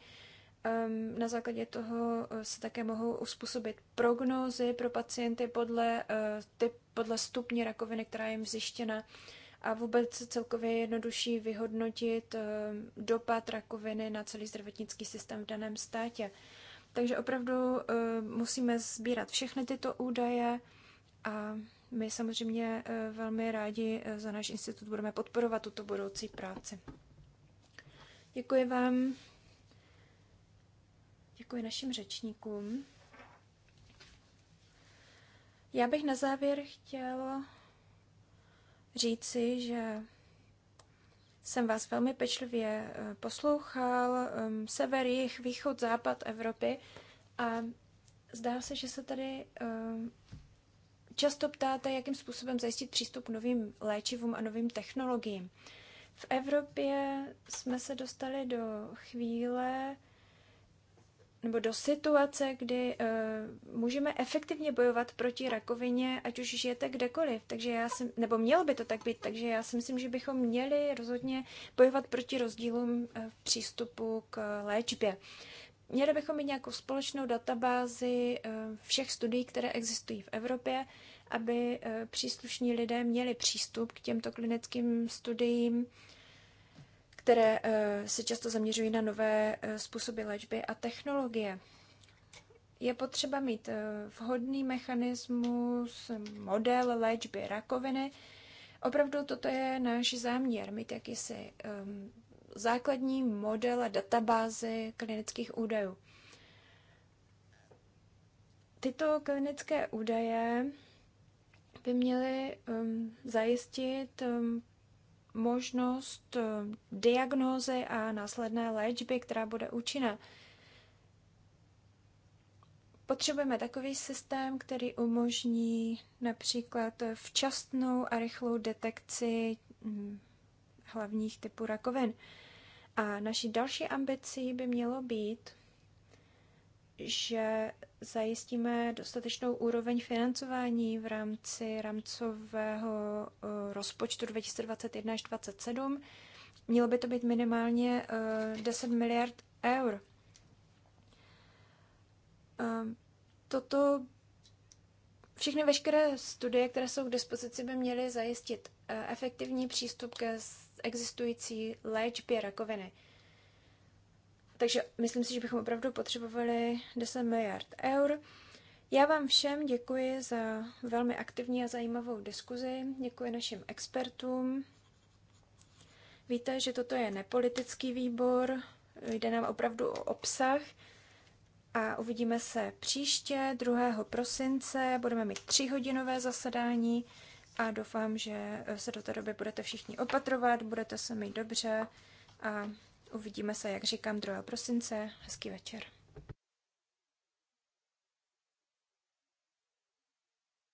Ehm, na základě toho eh, se také mohou uspůsobit prognózy pro pacienty podle, eh, typ, podle stupně rakoviny, která je jim zjištěna a vůbec celkově je jednodušší vyhodnotit ehm, dopad rakoviny na celý zdravotnický systém v daném státě. Takže opravdu ehm, musíme sbírat všechny tyto údaje a my samozřejmě eh, velmi rádi za náš institut budeme podporovat tuto budoucí práci. Děkuji vám. Děkuji našim řečníkům. Já bych na závěr chtěl říci, že jsem vás velmi pečlivě eh, poslouchal, ehm, sever, jich, východ, západ Evropy a zdá se, že se tady ehm, často ptáte, jakým způsobem zajistit přístup k novým léčivům a novým technologiím. V Evropě jsme se dostali do chvíle, nebo do situace, kdy uh, můžeme efektivně bojovat proti rakovině, ať už žijete kdekoliv. Takže já jsem, nebo mělo by to tak být, takže já si myslím, že bychom měli rozhodně bojovat proti rozdílům eh, v přístupu k léčbě. Měli bychom mít nějakou společnou databázi eh, všech studií, které existují v Evropě, aby příslušní lidé měli přístup k těmto klinickým studiím které eh, se často zaměřují na nové eh, způsoby léčby a technologie. Je potřeba mít eh, vhodný mechanismus, model léčby rakoviny. Opravdu toto je náš záměr, mít jakýsi ehm, základní model a databázy klinických údajů. Tyto klinické údaje by měly um, zajistit um, možnost eh, diagnózy a následné léčby, která bude účinná. Potřebujeme takový systém, který umožní například včasnou a rychlou detekci hm, hlavních typů rakovin. A naší další ambicí by mělo být, že zajistíme dostatečnou úroveň financování v rámci rámcového eh, rozpočtu 2021 až 2027. Mělo by to být minimálně 10 eh, miliard eur. Ehm, toto všechny veškeré studie, které jsou k dispozici, by měly zajistit eh, efektivní přístup ke existující léčbě rakoviny. Takže myslím si, že bychom opravdu potřebovali 10 miliard eur. Já vám všem děkuji za velmi aktivní a zajímavou diskuzi, děkuji našim expertům. Víte, že toto je nepolitický výbor, jde nám opravdu o obsah a uvidíme se příště, 2. prosince, budeme mít tříhodinové zasedání a doufám, že se do té doby budete všichni opatrovat, budete se mít dobře a Uvidíme se, jak říkám, 2. prosince. Hezký večer.